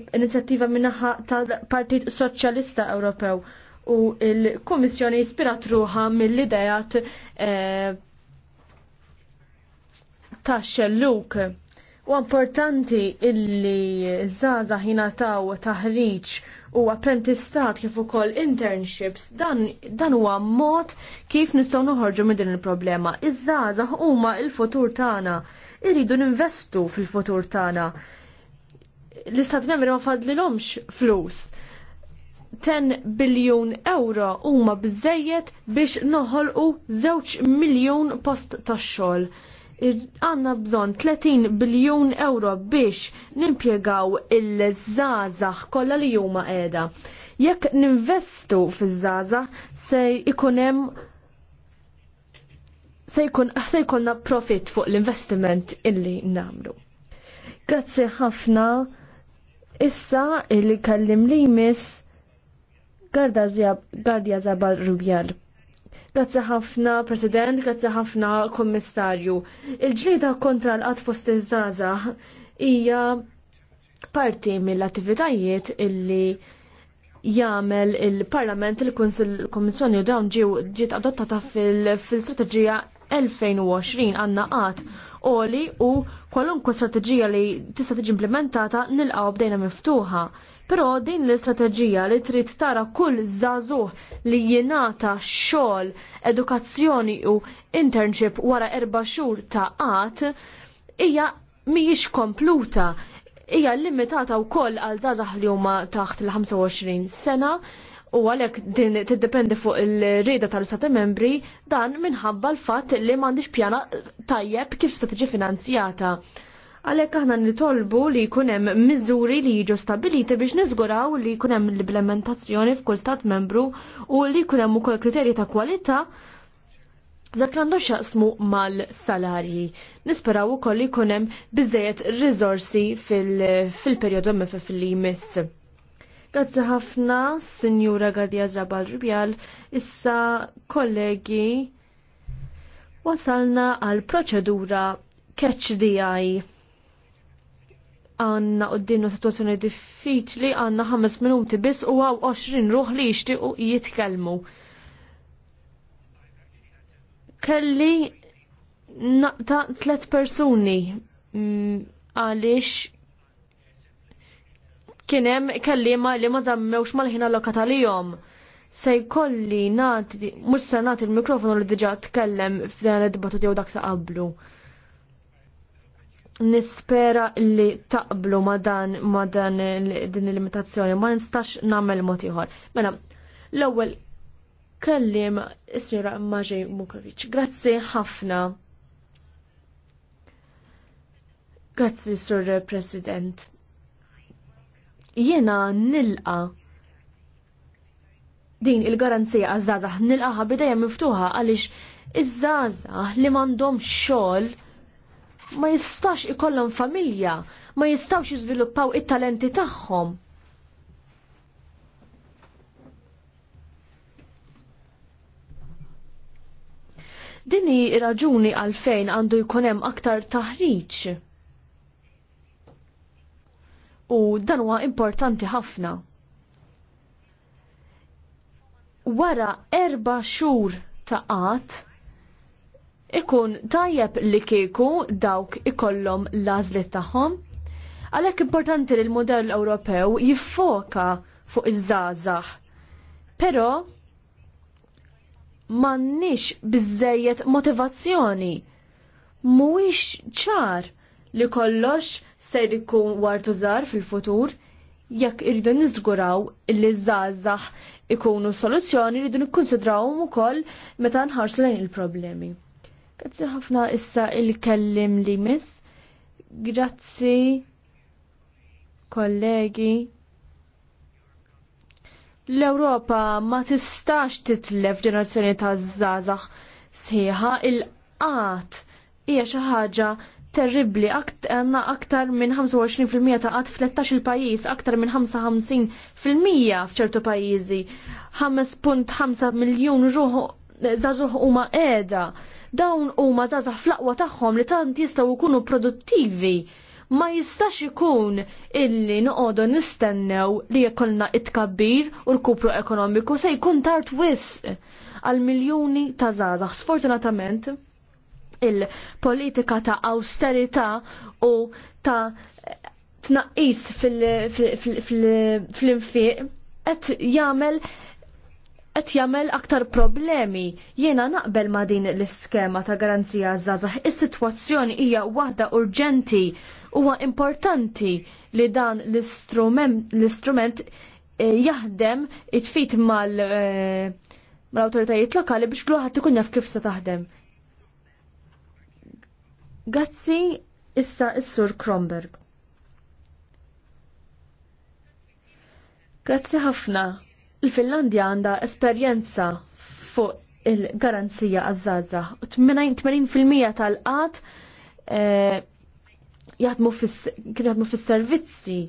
inizjattiva minnaħa tal-Partit Soċjalista Ewropew u il-Kummissjoni ispirat ruħa mill-idejat eh, ta' xelluk. U importanti illi zaza ħina taw taħriġ u apprentistat kif ukoll internships dan dan huwa mod kif nistgħu noħorġu minn din il-problema. Iż-żgħażagħ huma l-futur tagħna. Iridu ninvestu fil-futur tagħna. L-istat membri ma fadlilhomx flus 10 biljun euro huma bżejjed biex noħolqu 2 miljun post tax-xogħol. Għanna bżon 30 biljun euro biex nimpjegaw il-żazax kollha li huma qiegħda. Jekk ninvestu fiż-żaza se ikun hemm se se jkollna profit fuq l-investiment illi nagħmlu. Grazzi ħafna issa il-kallim li jmiss Gardja Zabal Rubjal. Grazzi ħafna, President, grazzi ħafna, Kommissarju. Il-ġlieda kontra l-qatt fost iż żaża hija parti mill-attivitajiet illi jagħmel il-Parlament, il-Kummissjoni u dawn ġew ġiet adottata fil-Strateġija 2020 għandna qatt oli u kwalunkwe strateġija li tista' tiġi implementata nilqgħu bdejna miftuħa. Però din l-istrateġija li trid tara kull żagħżugħ li jingħata xogħol, edukazzjoni u internship wara erba' xhur ta' qatt hija mhijiex kompluta hija limitata wkoll għal zazah li huma taħt il-25 sena u għalhekk din tiddependi fuq il rida tal-istati membri dan minħabba l-fatt li m'għandix pjana tajjeb kif se tiġi finanzjata. Għalhekk aħna nitolbu li jkun hemm miżuri li jiġu stabiliti biex niżguraw li jkun hemm l-implementazzjoni f'kull stat membru u li jkun hemm ukoll kriterji ta' kwalità Dak għandu xaqsmu mal-salarji. Nisperaw u koll jkunem bizzejet rizorsi fil-periodu fil MFF li jmiss. Grazzi ħafna, Sinjura Gadja Zabal Rubjal, issa kollegi wasalna għal proċedura catch the eye għanna dinu situazzjoni diffiċli, għanna 5 minuti biss u għaw 20 ruħ li u jitkellmu. Kelli naqta tlet persuni mm, għalix kienem kellima li ma zammewx mal-ħina lokata li jom. Sej kolli nati, mussa se nati il-mikrofonu li diġa tkellem f'dan id-dibattu jew dak ta' qablu nispera li taqblu ma dan ma dan din il-limitazzjoni ma nistax nagħmel mod ieħor. Mela, l-ewwel kellim is-sira Maġej Mukovic. Grazzi ħafna. Grazzi, Sur President. Jena nilqa din il-garanzija għaż-żgħażagħ nilqaha bidejja miftuħa għaliex iż-żgħażagħ li m'għandhom xogħol ma jistax ikollhom familja, ma jistax jiżviluppaw it-talenti tagħhom. Dini raġuni għalfejn għandu jkun hemm aktar taħriġ. U dan huwa importanti ħafna. Wara erba' xhur ta' qatt ikun tajjeb li kieku dawk ikollhom l-għażliet tagħhom. Għalhekk importanti li l-modell Ewropew jiffoka fuq iż-żgħażagħ. Però m'għandniex biżejjed motivazzjoni. Mhuwiex ċar li kollox se jkun wartu żgħar fil-futur jekk irridu niżguraw li żgħażagħ ikunu soluzzjoni li jridu nikkunsidrawhom ukoll meta nħarsu lejn il-problemi. Grazzi ħafna issa il-kellim li miss. Grazzi kollegi. L-Ewropa ma tistax titlef ġenerazzjoni ta' zazax sħiħa il-qat hija xi ħaġa terribli għanna aktar minn 25% ta' għat fl-13 il-pajis, aktar minn 55% f'ċertu pajizi. 5.5 miljon ruħu zazuħ huma qiegħda. Dawn huma zazuħ fl-aqwa tagħhom li tant jistgħu jkunu produttivi. Ma jistax ikun illi noqogħdu nistennew li jkollna it-tkabbir u l-kupru ekonomiku se jkun tard wisq għal miljuni ta' zazax. Sfortunatament, il-politika ta' austerita u ta' tnaqqis fil-infiq qed jagħmel qed jagħmel aktar problemi. Jiena naqbel ma' din l-iskema ta' garanzija żgħażagħ. Is-sitwazzjoni hija waħda urġenti huwa importanti li dan l-istrument eh, jaħdem it-fit mal eh, awtoritajiet autoritajiet lokali biex kluħat ikun jaf kif se taħdem. Grazzi issa is-sur Kromberg. Grazzi ħafna il-Finlandja għandha esperjenza fuq il-garanzija għazzazza. 80% tal-qat eh, jaħdmu fis-servizzi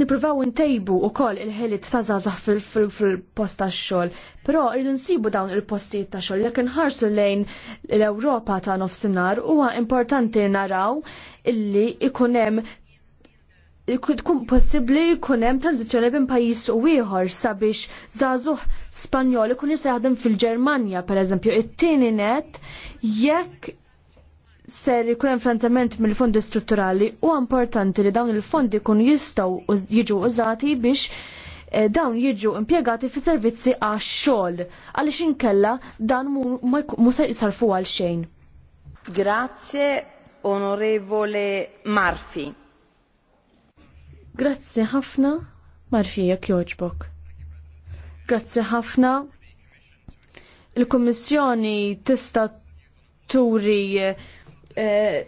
Nipruvaw ntejbu u koll il-ħelit ta' zazah fil-post ta' xol, pero irridu nsibu dawn il-postijiet ta' xol, jekk nħarsu lejn l-Europa ta' nofsinar, huwa importanti naraw illi ikunem tkun possibbli jkun hemm tranzizzjoni bejn pajjiż u ieħor sabiex żagħżugħ Spanjol ikun jista' jaħdem fil-Ġermanja pereżempju. It-tieni net jekk ser jkun hemm finanzjament mill-fondi strutturali u importanti li dawn il-fondi kun jistgħu jiġu użati biex eh, dawn jiġu impjegati fi servizzi għax xogħol għaliex inkella dan mu se jisarfu għal xejn. Grazie onorevole Marfi. Grazie ħafna Marfi jekk joġbok. Grazie ħafna. Il-Kummissjoni tista' turi Eh,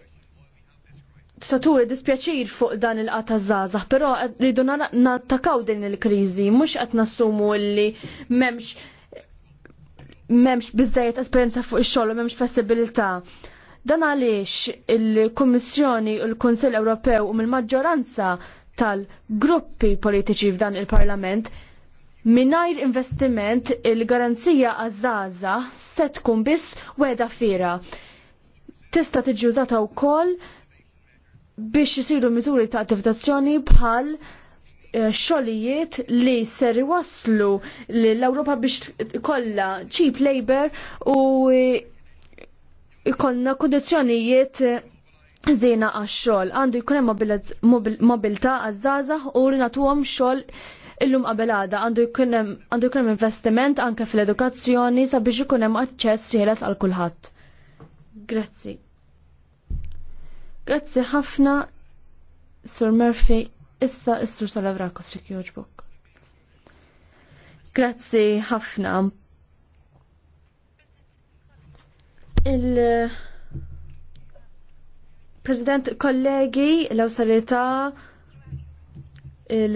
saturi dispjaċir fuq dan il-qata zazah, pero rridu nattakaw din il-krizi, mux qed nassumu li memx memx bizzajet esperienza fuq ix-xogħol, memx flessibilità. Dan għaliex il-Kummissjoni u l-Kunsill Ewropew u mill-maġġoranza tal-gruppi politiċi f'dan il-Parlament Minajr investiment il-garanzija għazzaza se tkun biss weda fira tista' tiġi użata wkoll biex isiru miżuri ta' attivizzazzjoni bħal eh, xolijiet li ser waslu l ewropa biex kolla cheap labor u eh, ikonna kondizjonijiet zina eh, għax-xogħol. Għandu jkun hemm mobilità għaż-żgħażagħ u li nagħtuhom xogħol illum qabel għadha. għandu jkun hemm investiment anke fl-edukazzjoni sabiex ikun hemm aċċess ħieles għal kulħadd. Grazzi. Grazzi ħafna, Sur Murphy, issa Sur Salavrakos xek joġbok. Grazzi ħafna. Il-President kollegi, l-awsalità, il president kollegi l awsalita il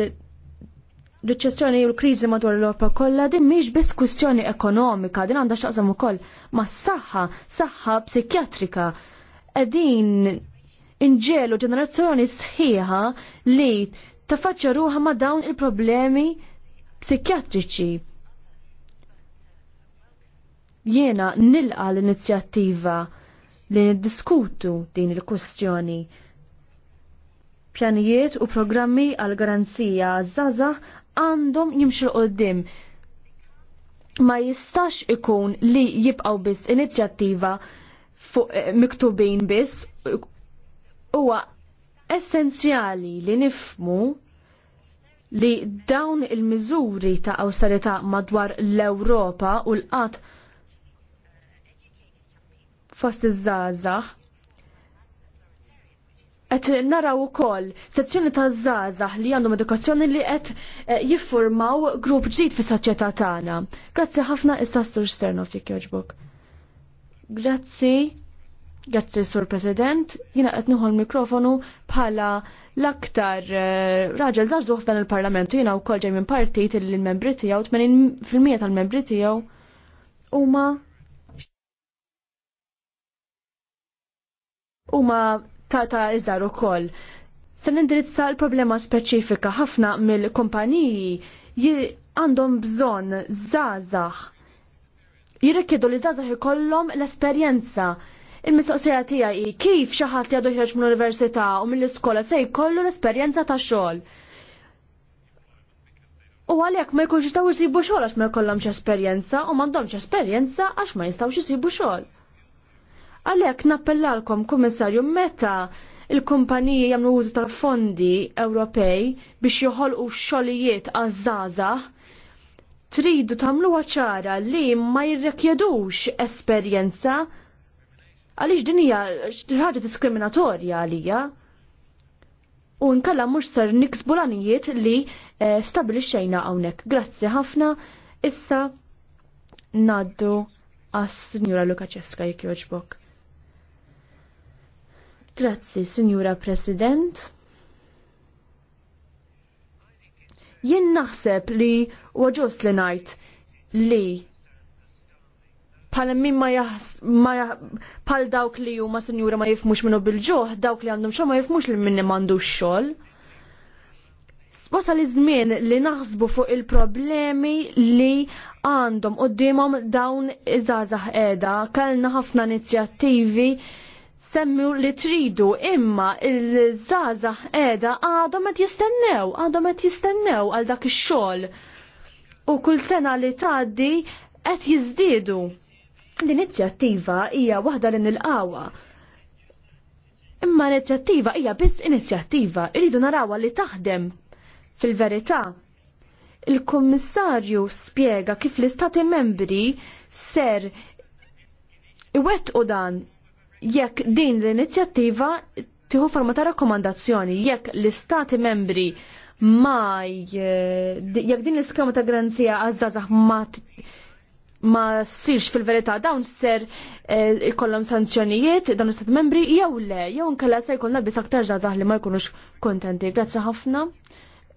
riċessjoni u l-kriżi madwar l-Europa kollha din mhix biss kwistjoni ekonomika, din għandha x'aqsam ukoll ma' saħħa, saħħa psikjatrika. Qegħdin inġelu ġenerazzjoni sħiħa li tafaċċa ruha ma' dawn il-problemi psikjatriċi. Jiena nilqa l-inizjattiva li niddiskutu din il-kwistjoni pjanijiet u programmi għal garanzija zaza għandhom jimxu l-qoddim. Ma jistax ikun li jibqaw biss inizjattiva fuq eh, miktubin biss huwa essenzjali li nifmu li dawn il-miżuri ta' awsterità madwar l-Ewropa u l-qatt fost iż-żgħażagħ qed naraw ukoll sezzjoni ta' żgħażagħ li għandhom edukazzjoni li qed eh, jiffurmaw grupp ġdid fis-soċjetà tagħna. Grazzi ħafna issa Sur Sternov jekk jogħġbok. Grazzi. Grazzi Sur President, jiena qed nieħu l-mikrofonu bħala l-aktar eh, raġel żagħżugħ f'dan il-Parlament jiena wkoll ġej minn partit li l-membri tiegħu 80% tal-membri tiegħu huma huma ta' ta' iżar koll. Se nindirizza l-problema speċifika ħafna mill kompaniji għandhom bżonn zazax. Jirrikjedu li zazax ikollhom l-esperjenza Il-mistoqsija tiegħi kif xi ħadd li għadu ħroġ mill-università u mill-iskola se jkollu l-esperjenza ta' xogħol. U għalhekk ma jkunx jistgħu jsibu xogħol għax ma jkollhomx esperjenza u m'għandhomx esperjenza għax ma jistgħux jsibu xogħol. Għalhekk nappellalkom, Kummissarju, meta il-kumpaniji jagħmlu użu tal-fondi Ewropej biex joħolqu xogħlijiet għaż-żgħażagħ tridu tamlu ċara li ma jirrekjedux esperjenza għalix dinija ħaġa diskriminatorja għalija. U nkalla mux ser niksbu l-anijiet li eh, stabilixxejna hawnhekk. Grazzi ħafna, issa naddu għas-Sinjura Lukaċeska Ċeska jek joġbok. Grazzi, Signora President. Jien naħseb li waġust li najt li pala min ma jahs, ma pal dawk li huma sinjura ma jifmux minnu bil ġoħ dawk li għandhom xogħol ma jifmux li minni m'għandu xogħol. Wasal iż-żmien li naħsbu fuq il-problemi li għandhom qudiemhom dawn iż żaħ qiegħda, kellna ħafna inizjattivi semmu li tridu imma il-żaza edha għadhom qed jistennew, għadhom qed jistennew għal dak ix-xogħol. U kull sena li tgħaddi qed jiżdiedu. L-inizjattiva hija waħda li nil-qawa. Imma l-inizjattiva hija biss inizjattiva, irridu narawha li taħdem fil-verità il-Kommissarju spiega kif l-Istati membri ser iwettqu dan jekk din l-inizjattiva tieħu forma ta' rakkomandazzjoni jekk l-istati membri ma jekk din l-iskema ta' garanzija għażażaħ ma ma sirx fil-verità dawn ser eh, ikollhom sanzjonijiet dawn l-istat membri jew le jew nkella se jkollna biss aktar żgħażagħ li ma jkunux kontenti. Grazzi ħafna.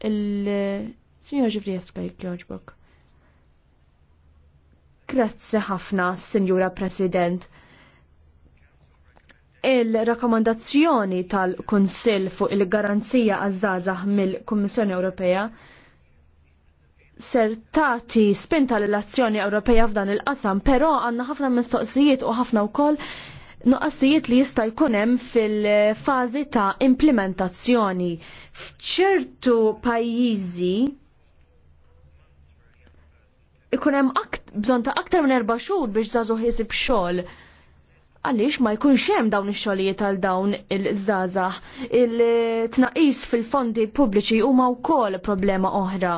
Il-Sinjor Ġifrieska jekk jogħġbok. Grazzi ħafna, Sinjura President il-rakkomandazzjoni tal-Kunsill fuq il-garanzija għaż-żgħażagħ mill-Kummissjoni Ewropea ser tati spinta l-azzjoni Ewropea f'dan il-qasam, però għandna ħafna mistoqsijiet u ħafna wkoll nuqqasijiet li jista' jkun hemm fil-fażi ta' implementazzjoni. F'ċertu pajjiżi ikun hemm bżonn ta' aktar minn erba' xhur biex żagħżugħ jisib xogħol għaliex ma jkunx hemm dawn ix-xogħlijiet għal dawn il-żgħażagħ. Il-tnaqis fil-fondi pubbliċi huma wkoll problema oħra.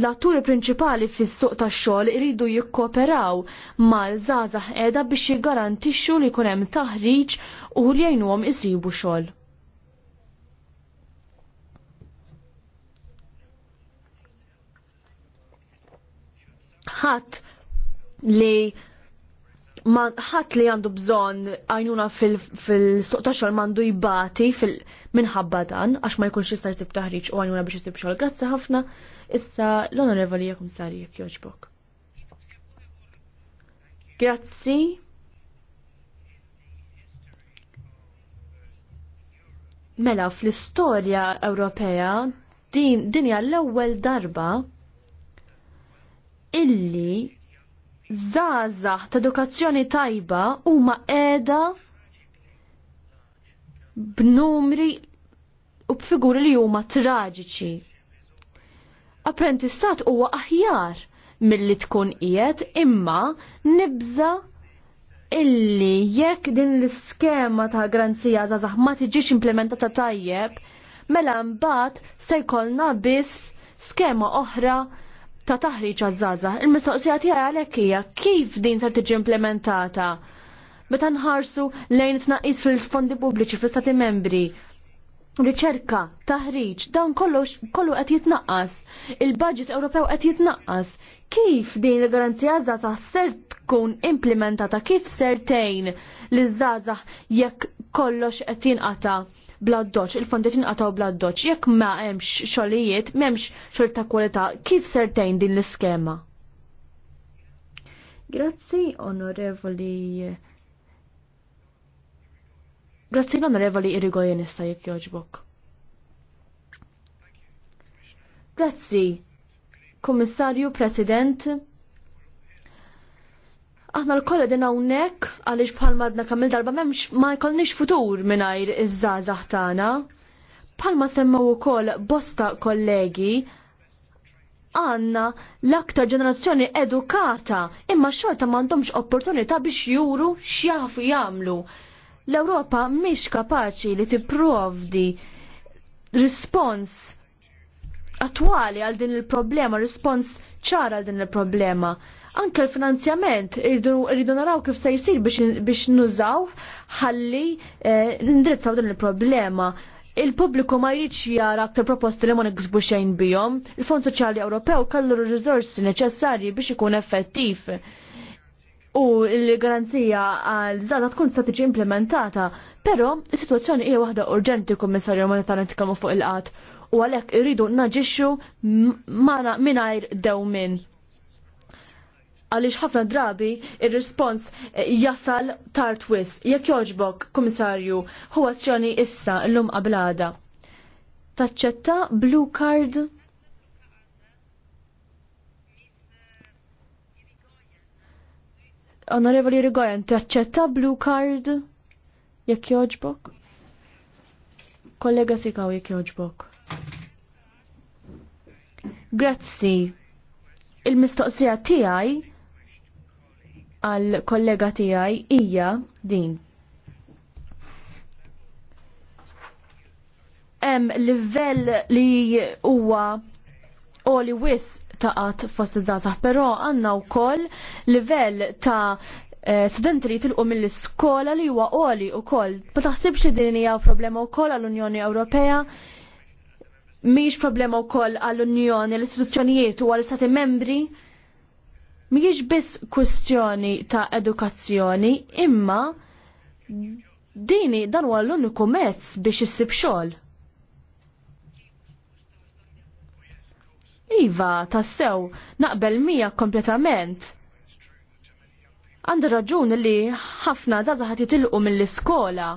L-atturi prinċipali fis-suq tax-xogħol iridu jikkooperaw mal-żgħażagħ qiegħda biex jiggarantixxu li jkun hemm taħriġ u li jgħinuhom isibu xogħol. Ħadd li ma ħadd li għandu bżonn għajnuna fil-suq xogħol m'għandu jbati minħabba dan għax ma jkunx jista' jsib taħriġ u għajnuna biex jsib xogħol. Grazzi ħafna issa l-onorevoli jekk sari jekk jogħġbok. Grazzi. Mela fl-istorja Ewropea din dinja l-ewwel darba illi zaza ta' edukazzjoni tajba huma qiegħda b'numri u b'figuri li huma traġiċi. Apprentissat huwa aħjar milli tkun qiegħed imma nibża illi jekk din l-iskema ta' garanzija żgħażagħ ma tiġix implementata tajjeb, mela mbagħad se jkollna biss skema oħra ta' taħriġ għazzaza. Il-mistoqsija tiegħi għalhekk hija kif din ser tiġi implementata? Meta nħarsu lejn tnaqqis fil-fondi pubbliċi fl-Stati membri, riċerka, taħriġ, dawn kollox kollu qed jitnaqqas. Il-budget Ewropew qed jitnaqqas. Kif din il-garanzija żgħażagħ ser tkun implementata kif sertejn li żgħażagħ jekk kollox qed jinqata' bla doċ, il-fondi tinqataw bla doċ, jekk ma hemmx xogħlijiet, m'hemmx xogħol ta' kwalità, kif sertajn din l-iskema? Grazzi, onorevoli. Grazzi l-onorevoli irrigojenista, jekk joġbok. Grazzi, Kommissarju President. Aħna l-kolla din hawnhekk għaliex bħal madna kamil darba m'hemmx ma jkollniex futur mingħajr iż-żgħażagħ tagħna. Bħalma semmew ukoll bosta kollegi għanna l-aktar ġenerazzjoni edukata imma xorta m'għandhomx opportunità biex juru x'jafu jagħmlu. L-Ewropa mhix kapaċi li tipprovdi rispons attwali għal din il-problema, rispons ċara għal din il-problema. Anke l-finanzjament irridu naraw kif se jsir biex nużaw ħalli eh, nindirizzaw din il-problema il-pubbliku ma jridx jara aktar proposti li ma nikzbu xejn bihom, il-Fond Soċjali Ewropew kellu r-riżorsi neċessarji biex ikun effettiv. U l-garanzija għal żada tkun se tiġi implementata, però is-sitwazzjoni hija waħda urġenti kummissarju ma nitkellmu fuq il-qatt u għalhekk irridu naġixxu mingħajr dewmin għaliex ħafna drabi il rispons eh, jasal tard wis. Jekk joġbok, komissarju, huwa azzjoni issa l-lum qablada. Taċċetta blue card Onorevoli Rigoyen, taċċetta blue card Jek joġbok? Kollega Sikaw jekk joġbok. Grazzi. Il-mistoqsija tiegħi għal kollega tiegħi hija din. Hemm livell li huwa oli wis taqat fost iż-żgħażagħ, però għandna wkoll livell ta' eh, studenti li tilqu mill-iskola li huwa oli wkoll. Ma taħsibx din hija problema wkoll għall-Unjoni Ewropea miex problema wkoll għall-Unjoni, l-istituzzjonijiet u għall-Istati membri mhijiex biss kwestjoni ta' edukazzjoni imma dini dan huwa l-uniku mezz biex issib xogħol. Iva, tassew, naqbel mija kompletament. Għandi raġun li ħafna zazaħat jitilqu mill-iskola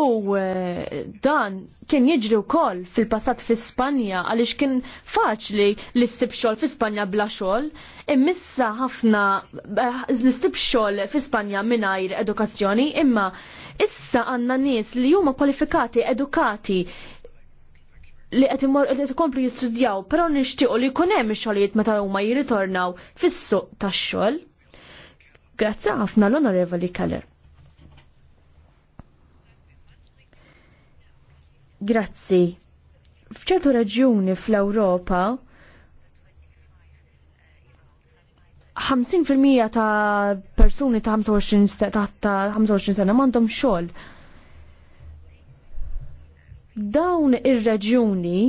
U eh, dan kien jiġri wkoll fil-passat fi Spanja għaliex kien faċli li stib xogħol fi Spanja bla xogħol, immissa ħafna eh, l-istib xogħol fi Spanja mingħajr edukazzjoni, imma issa għandna nies li huma kwalifikati, edukati li qed ikomplu jistudjaw, però nixtiequ li jkun hemm ix-xogħlijiet meta huma jirritornaw fis-suq tax-xogħol. Grazzi ħafna l-Onorevoli Keller. Grazzi. F'ċertu reġjuni fl-Ewropa 50% ta' persuni ta' 25 ta' 25 sena m'għandhom xogħol. Dawn ir-reġjuni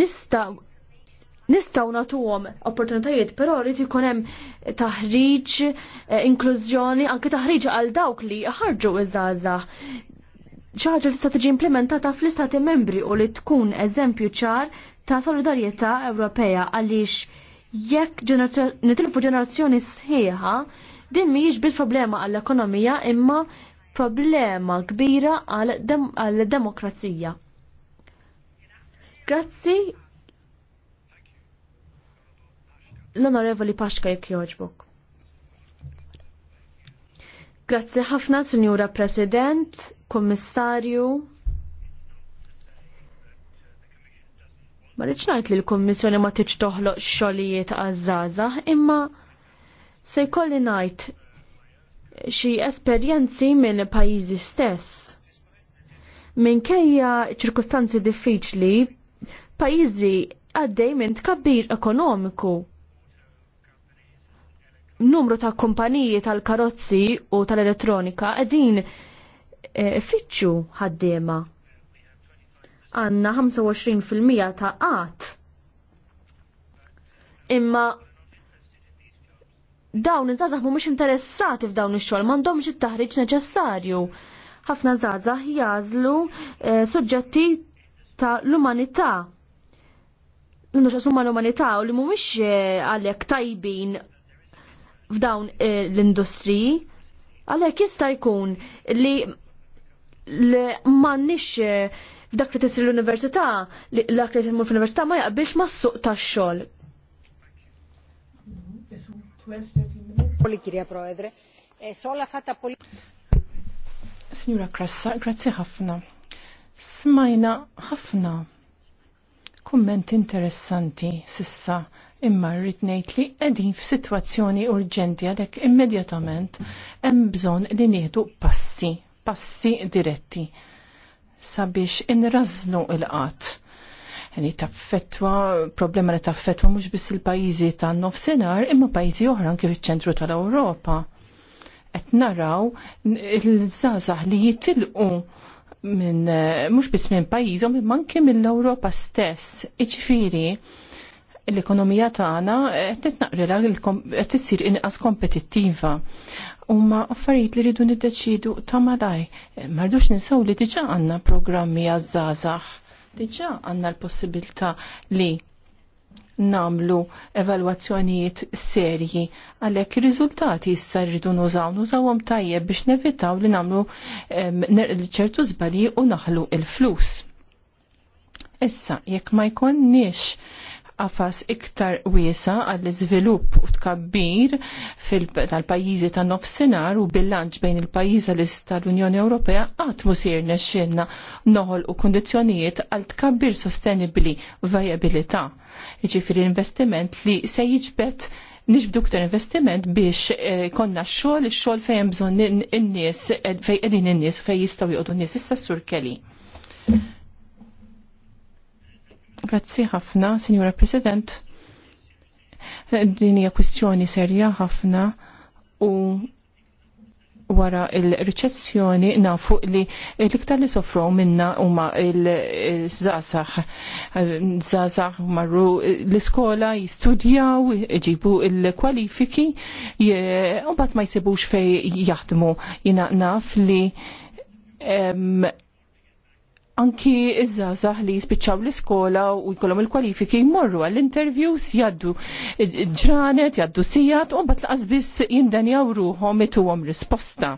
nista' nistaw natuhom opportunitajiet, però rrid ikun hemm taħriġ, eh, inklużjoni, anke taħriġ għal dawk li ħarġu iż-żgħażagħ. ċaġa li tiġi implementata fl-istati membri u li tkun eżempju ċar ta' solidarjetà Ewropea għaliex jekk nitilfu ġenerazzjoni sħiħa din mhijiex biss problema għall-ekonomija imma problema kbira għall-demokrazija. Grazzi l-Onorevoli Paxka jekk joġbuk. Grazzi ħafna, Sinjura President, Kommissarju. Ma rridx ngħid li l-Kummissjoni ma tiġ toħloq xogħlijiet għażaża, imma se jkolli ngħid xi esperjenzi minn pajjiżi stess. Minkejja ċirkustanzi diffiċli, pajjiżi għaddej minn tkabbir ekonomiku numru ta' kumpaniji tal-karozzi u tal-elettronika qegħdin eh, fitxu ħaddiema. Għandna 25% ta' qatt. Imma dawn iż-żgħażagħ mhumiex interessati f'dawn ix-xogħol, m'għandhomx it-taħriġ neċessarju. Ħafna żgħażagħ jażlu eh, suġġetti ta' l-umanità l-nuċa l-umanità u li mumiex eh, għalek tajbin f'dawn eh, l-industriji, għalhekk jista' jkun li m'għandniex f'dak eh, li tisir l-università, dak li tisir fl-università ma jaqbilx ma' suq tax-xogħol. Signora Krassa, grazzi ħafna. Smajna ħafna kumment interessanti sissa imma rrid ngħid li qegħdin f'sitwazzjoni urġenti għalhekk immedjatament hemm bżonn li nieħdu passi, passi diretti sabiex inrażnu il-qatt. Għani taffetwa, problema li taffetwa mux biss il-pajjiżi tan nofsinhar imma pajjiżi oħra kif iċ ċentru tal-Ewropa. Qed naraw il-żgħażagħ li jitilqu minn mhux biss minn pajjiżhom imma anke mill-Ewropa stess. Iġifieri, l-ekonomija tagħna qed titnaqrilha qed tissir inqas kompetittiva. Huma affarijiet li rridu niddeċidu ta' malaj. Eh, Mardux ninsaw li diġà għandna programmi għaż-żgħażagħ. Diġà għandna l-possibilità li namlu evalwazzjonijiet serji għalhekk ir-riżultati issa rridu nużaw nużawhom tajjeb biex nevitaw li namlu ċertu żbalji u naħlu il-flus. Issa jekk ma jkonniex qafas iktar wiesa għall iżvilupp u tkabbir tal-pajjiżi ta' nofsinhar u bilanċ bejn il-pajjiżi l unjoni Ewropea qatt musir nexxinna noħol u kundizzjonijiet għal tkabbir sostenibbli vajabilità. Jiġifieri investiment li se jiġbed nixbdu ktar investiment biex eh, konna xogħol xogħol fejn bżonn in-nies eh, fejn qegħdin in-nies fejn jistgħu joqogħdu n-nies issa sur Kelly. Grazzi ħafna, Signora President. Din hija kwistjoni serja ħafna u wara il riċessjoni nafu li l-iktar li sofru minna huma il-żazax. Żazax marru l-iskola jistudjaw, ġibu il-kwalifiki, u bat ma jsibux fej jaħdmu. Jina naf li anki izza zaħ li jispiċċaw l-iskola u jkollhom il-kwalifiki jmorru għall-interviews jaddu ġranet, jaddu sijat u mbagħad laqas biss jindanjaw ruhom ituhom risposta.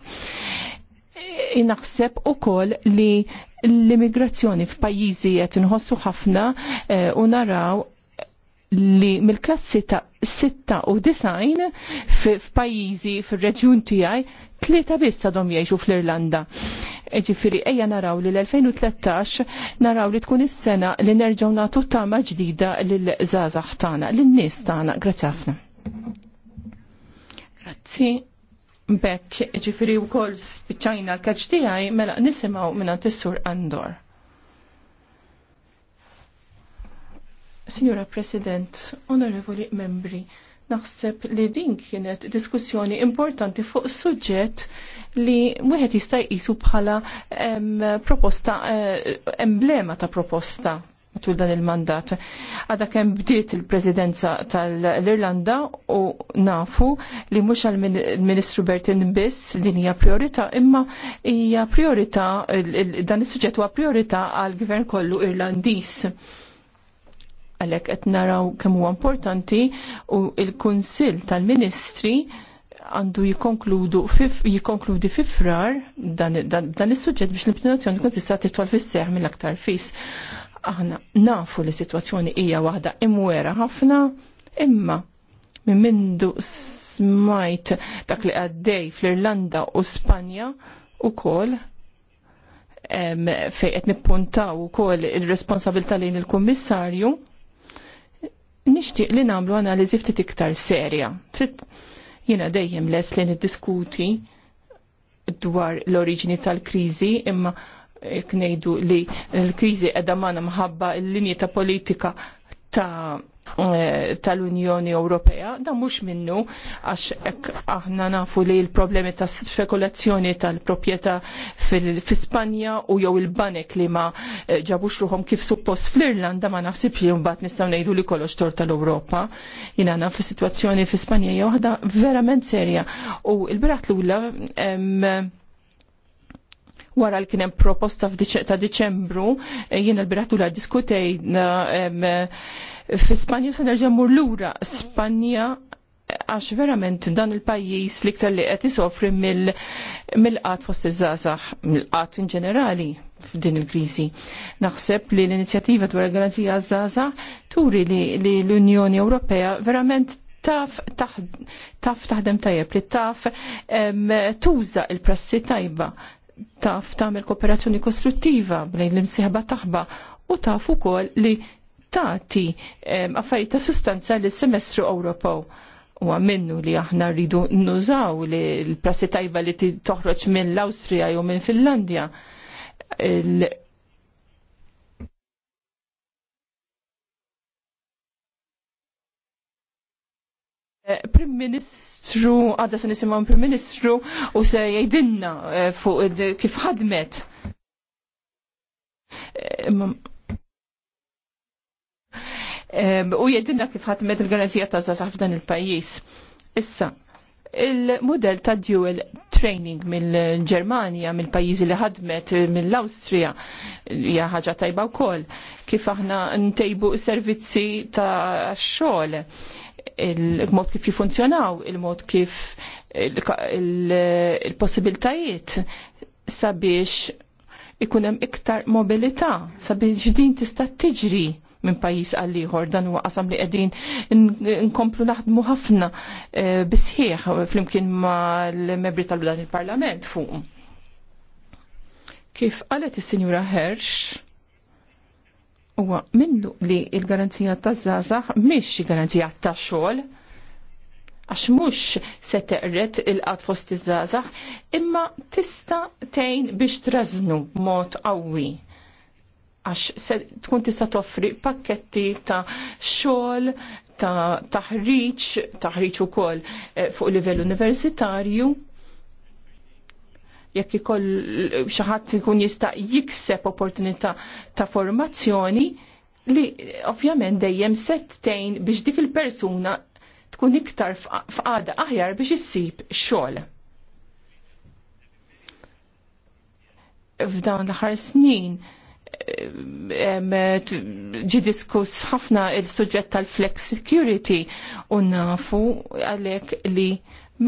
Inaħseb ukoll li l-immigrazzjoni f'pajjiżi qed inħossu ħafna eh, u naraw li mill-klassi ta' 96 f'pajjiżi fir-reġjun tiegħi tlieta biss għadhom jgħixu fl-Irlanda. Ġifiri, ejja naraw li l-2013 naraw li tkun is-sena li nerġgħu nagħtu tama ġdida lil-żgħażagħ tagħna, lin-nies tagħna. Grazzi ħafna. Grazzi. Bekk, ġifiri wkoll spiċċajna l-kaċ tiegħi mela nisimgħu mingħand is-sur Andor. Signora President, onorevoli membri, Naħseb li din kienet diskussjoni importanti fuq suġġett li wieħed jista' jqisu bħala proposta eh, emblema ta' proposta matul dan il-mandat. Għada kemm bdiet il-Presidenza tal-Irlanda u nafu li mhux għall-Ministru Bertin biss din hija priorità, imma hija priorità dan is-suġġett huwa priorità għall-Gvern kollu Irlandiż Għalek qed naraw kemm huwa importanti u l-Kunsill tal-Ministri għandu jikonkludu jikonkludi fifrar dan, is-suġġett biex l-implementazzjoni tkun tista' titwal fis-seħ mill-aktar fis. Aħna nafu li situazzjoni hija waħda imwera ħafna, imma minn mindu smajt dak li għaddej fl-Irlanda u Spanja u kol fejn qed nippuntaw ukoll il-responsabilità lejn il-Kummissarju nixtieq li nagħmlu analiżi ftit iktar serja. Trid jiena dejjem les li niddiskuti dwar l-oriġini tal-kriżi imma jekk ngħidu li l-kriżi qiegħda magħna mħabba l-linji ta' politika ta' Eh, tal-Unjoni Ewropea, da mhux minnu għax hekk aħna nafu li l-problemi ta' spekulazzjoni tal-proprjetà fil-Spanja u jew il-banek li ma eh, ġabux ruhom kif suppost fl-Irlanda ma naħsibx li mbagħad nistgħu ngħidu li kollox tor tal-Ewropa. Jiena naf li situazzjoni fi Spanja hija waħda verament serja u l-birat wara li kien hemm proposta ta' Diċembru eh, jiena l-birat lula diskutejna F'Ispanja se nerġa' mur lura. Spanja għax verament dan il-pajjiż li ktar li qed isofri mill qat fost iż-żgħażagħ, mill qat in ġenerali f'din il-kriżi. Naħseb li l-inizjattiva dwar il-garanzija żgħażagħ turi li l-Unjoni Ewropea verament taf taf taħdem tajjeb li taf tuża il-prassi tajba taf tagħmel kooperazzjoni kostruttiva bejn l-imsieħba taħba u taf ukoll li tagħti affarijiet ta' sustanza lis semestru Ewropew u għamennu li aħna rridu nużaw li l-prassi tajba li toħroġ minn l-Austria jew minn Finlandja. Eh, Prim Ministru, għadda se nisimgħu Prim Ministru u se jgħidilna eh, fuq kif ħadmet. Eh, u jedinna kif ħatmet il-garanzija ta' zazax f'dan il-pajis. Issa, il model ta' dual training mill-Germania, mill-pajizi li ħadmet mill-Austria, hija ħaġa tajba wkoll kif aħna ntejbu servizzi ta' xogħol il-mod kif jifunzjonaw, il-mod kif il-possibiltajiet sabiex ikun hemm iktar mobilità sabiex din tista' tiġri minn pajjiż għal ieħor dan huwa qasam li qegħdin nkomplu naħdmu ħafna e, bisħieħ flimkien mal-membri tal-dan il-Parlament fuq. Kif qalet is-Sinjura Hersh, huwa minnu li il-garanzija taż-żgħażagħ mhix il garanzija tax-xogħol, għax mux se teqret il-qat fost iż-żazax, imma tista tejn biex trażnu mod qawwi għax tkun tista' toffri pakketti ta' xogħol, ta' taħriġ, taħriġ ukoll eh, fuq livell universitarju. Jekk ikoll xi ħadd ikun jista' jikseb opportunità ta' formazzjoni li ovvjament dejjem settejn biex dik il-persuna tkun iktar f'qada aħjar biex issib xogħol. F'dan l-aħħar snin ġi diskuss ħafna il-suġġett tal-flex security u nafu għalek li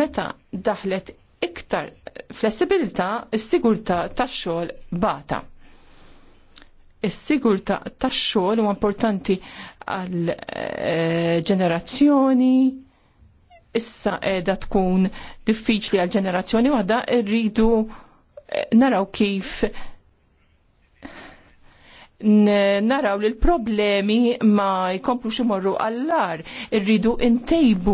meta daħlet iktar flessibilità is-sigurtà tax-xogħol bata. Is-sigurtà tax-xogħol huwa importanti għal eh, ġenerazzjoni issa qiegħda tkun diffiċli għal ġenerazzjoni waħda rridu eh, naraw kif naraw li l-problemi ma jkomplux imorru għallar, irridu intejbu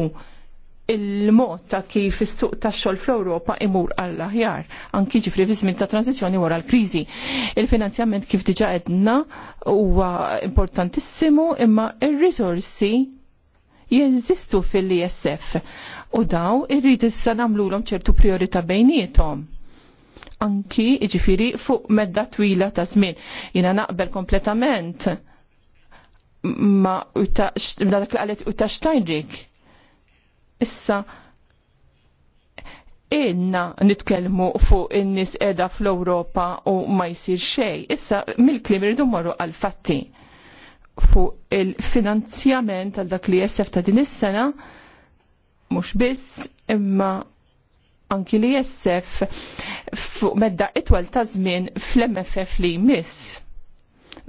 il-mod ta' kif is-suq tax-xogħol fl-Ewropa imur għall aħjar anki ġifri fi żmien ta' tranzizzjoni wara l-kriżi. Il-finanzjament kif diġà għedna huwa importantissimu imma ir-risorsi jeżistu fil-ISF u daw irrid issa nagħmluhom ċertu priorità bejniethom anki iġifiri fuq medda twila ta' żmien. Jina naqbel kompletament ma dak li qalet u ta' Issa inna nitkellmu fuq in-nies qiegħda fl-Ewropa u ma jsir xejn. Issa mill-kliem irridu morru għal-fatti fuq il-finanzjament għal dak li jessef ta' din is-sena mhux biss imma anki li jessef fuq medda itwal ta' żmien fl-MFF li jmiss.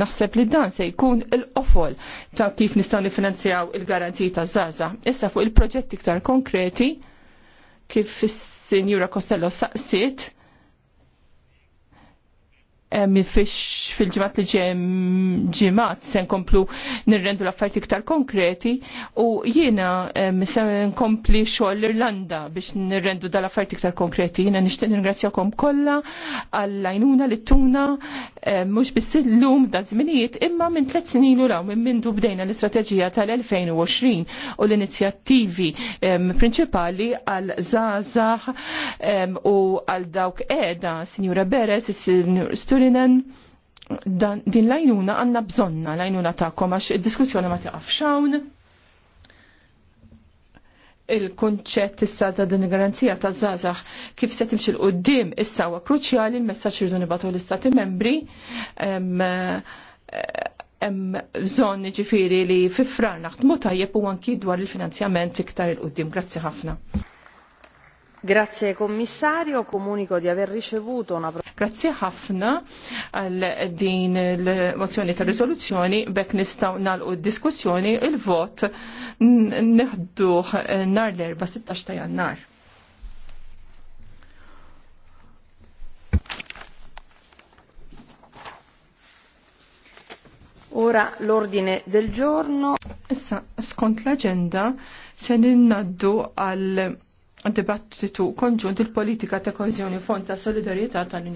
Naħseb li dan se jkun il-qofol ta' kif nistgħu nifinanzjaw il garanzija ta' Zaza. Issa fuq il-proġetti iktar konkreti kif is-Sinjura Costello saqsiet fix fil-ġimat li ġimat se nkomplu nirrendu l-affarijiet iktar konkreti u jiena se nkompli xogħol l-Irlanda biex nirrendu dal-affarijiet iktar konkreti. Jiena nixtieq ningrazzjakom kollha għall lajnuna li tuna mhux biss illum da żminijiet imma minn tliet snin ura minn mindu bdejna l-istrateġija tal-2020 u l-inizjattivi prinċipali għal żgħażagħ u għal dawk eda, Sinjura Beres, Sturi Turinen dan, din lajnuna għanna bżonna lajnuna ta' għax il-diskussjoni ma ta' hawn. Il-konċett issa ta' din garanzija ta' zazax kif se timx il qoddim issa huwa kruċjali l-messaġġ irdu nibatu l-istati membri hemm bżonn ġifiri li fi frar naħdmu tajjeb u anki dwar il-finanzjament iktar il qudiem Grazzi ħafna. Grazie Commissario, comunico di aver ricevuto una Grazie ħafna għal din l-mozzjoni ta' risoluzzjoni bekk nistgħu nagħlqu d-diskussjoni il-vot neħduh nar l-erba' 16 ta' jannar. Ora l'ordine del giorno. Issa, skont l-agenda, se ninnaddu għal dibattitu konġunt il-politika ta' koezjoni fond ta' solidarietà tal-Unjoni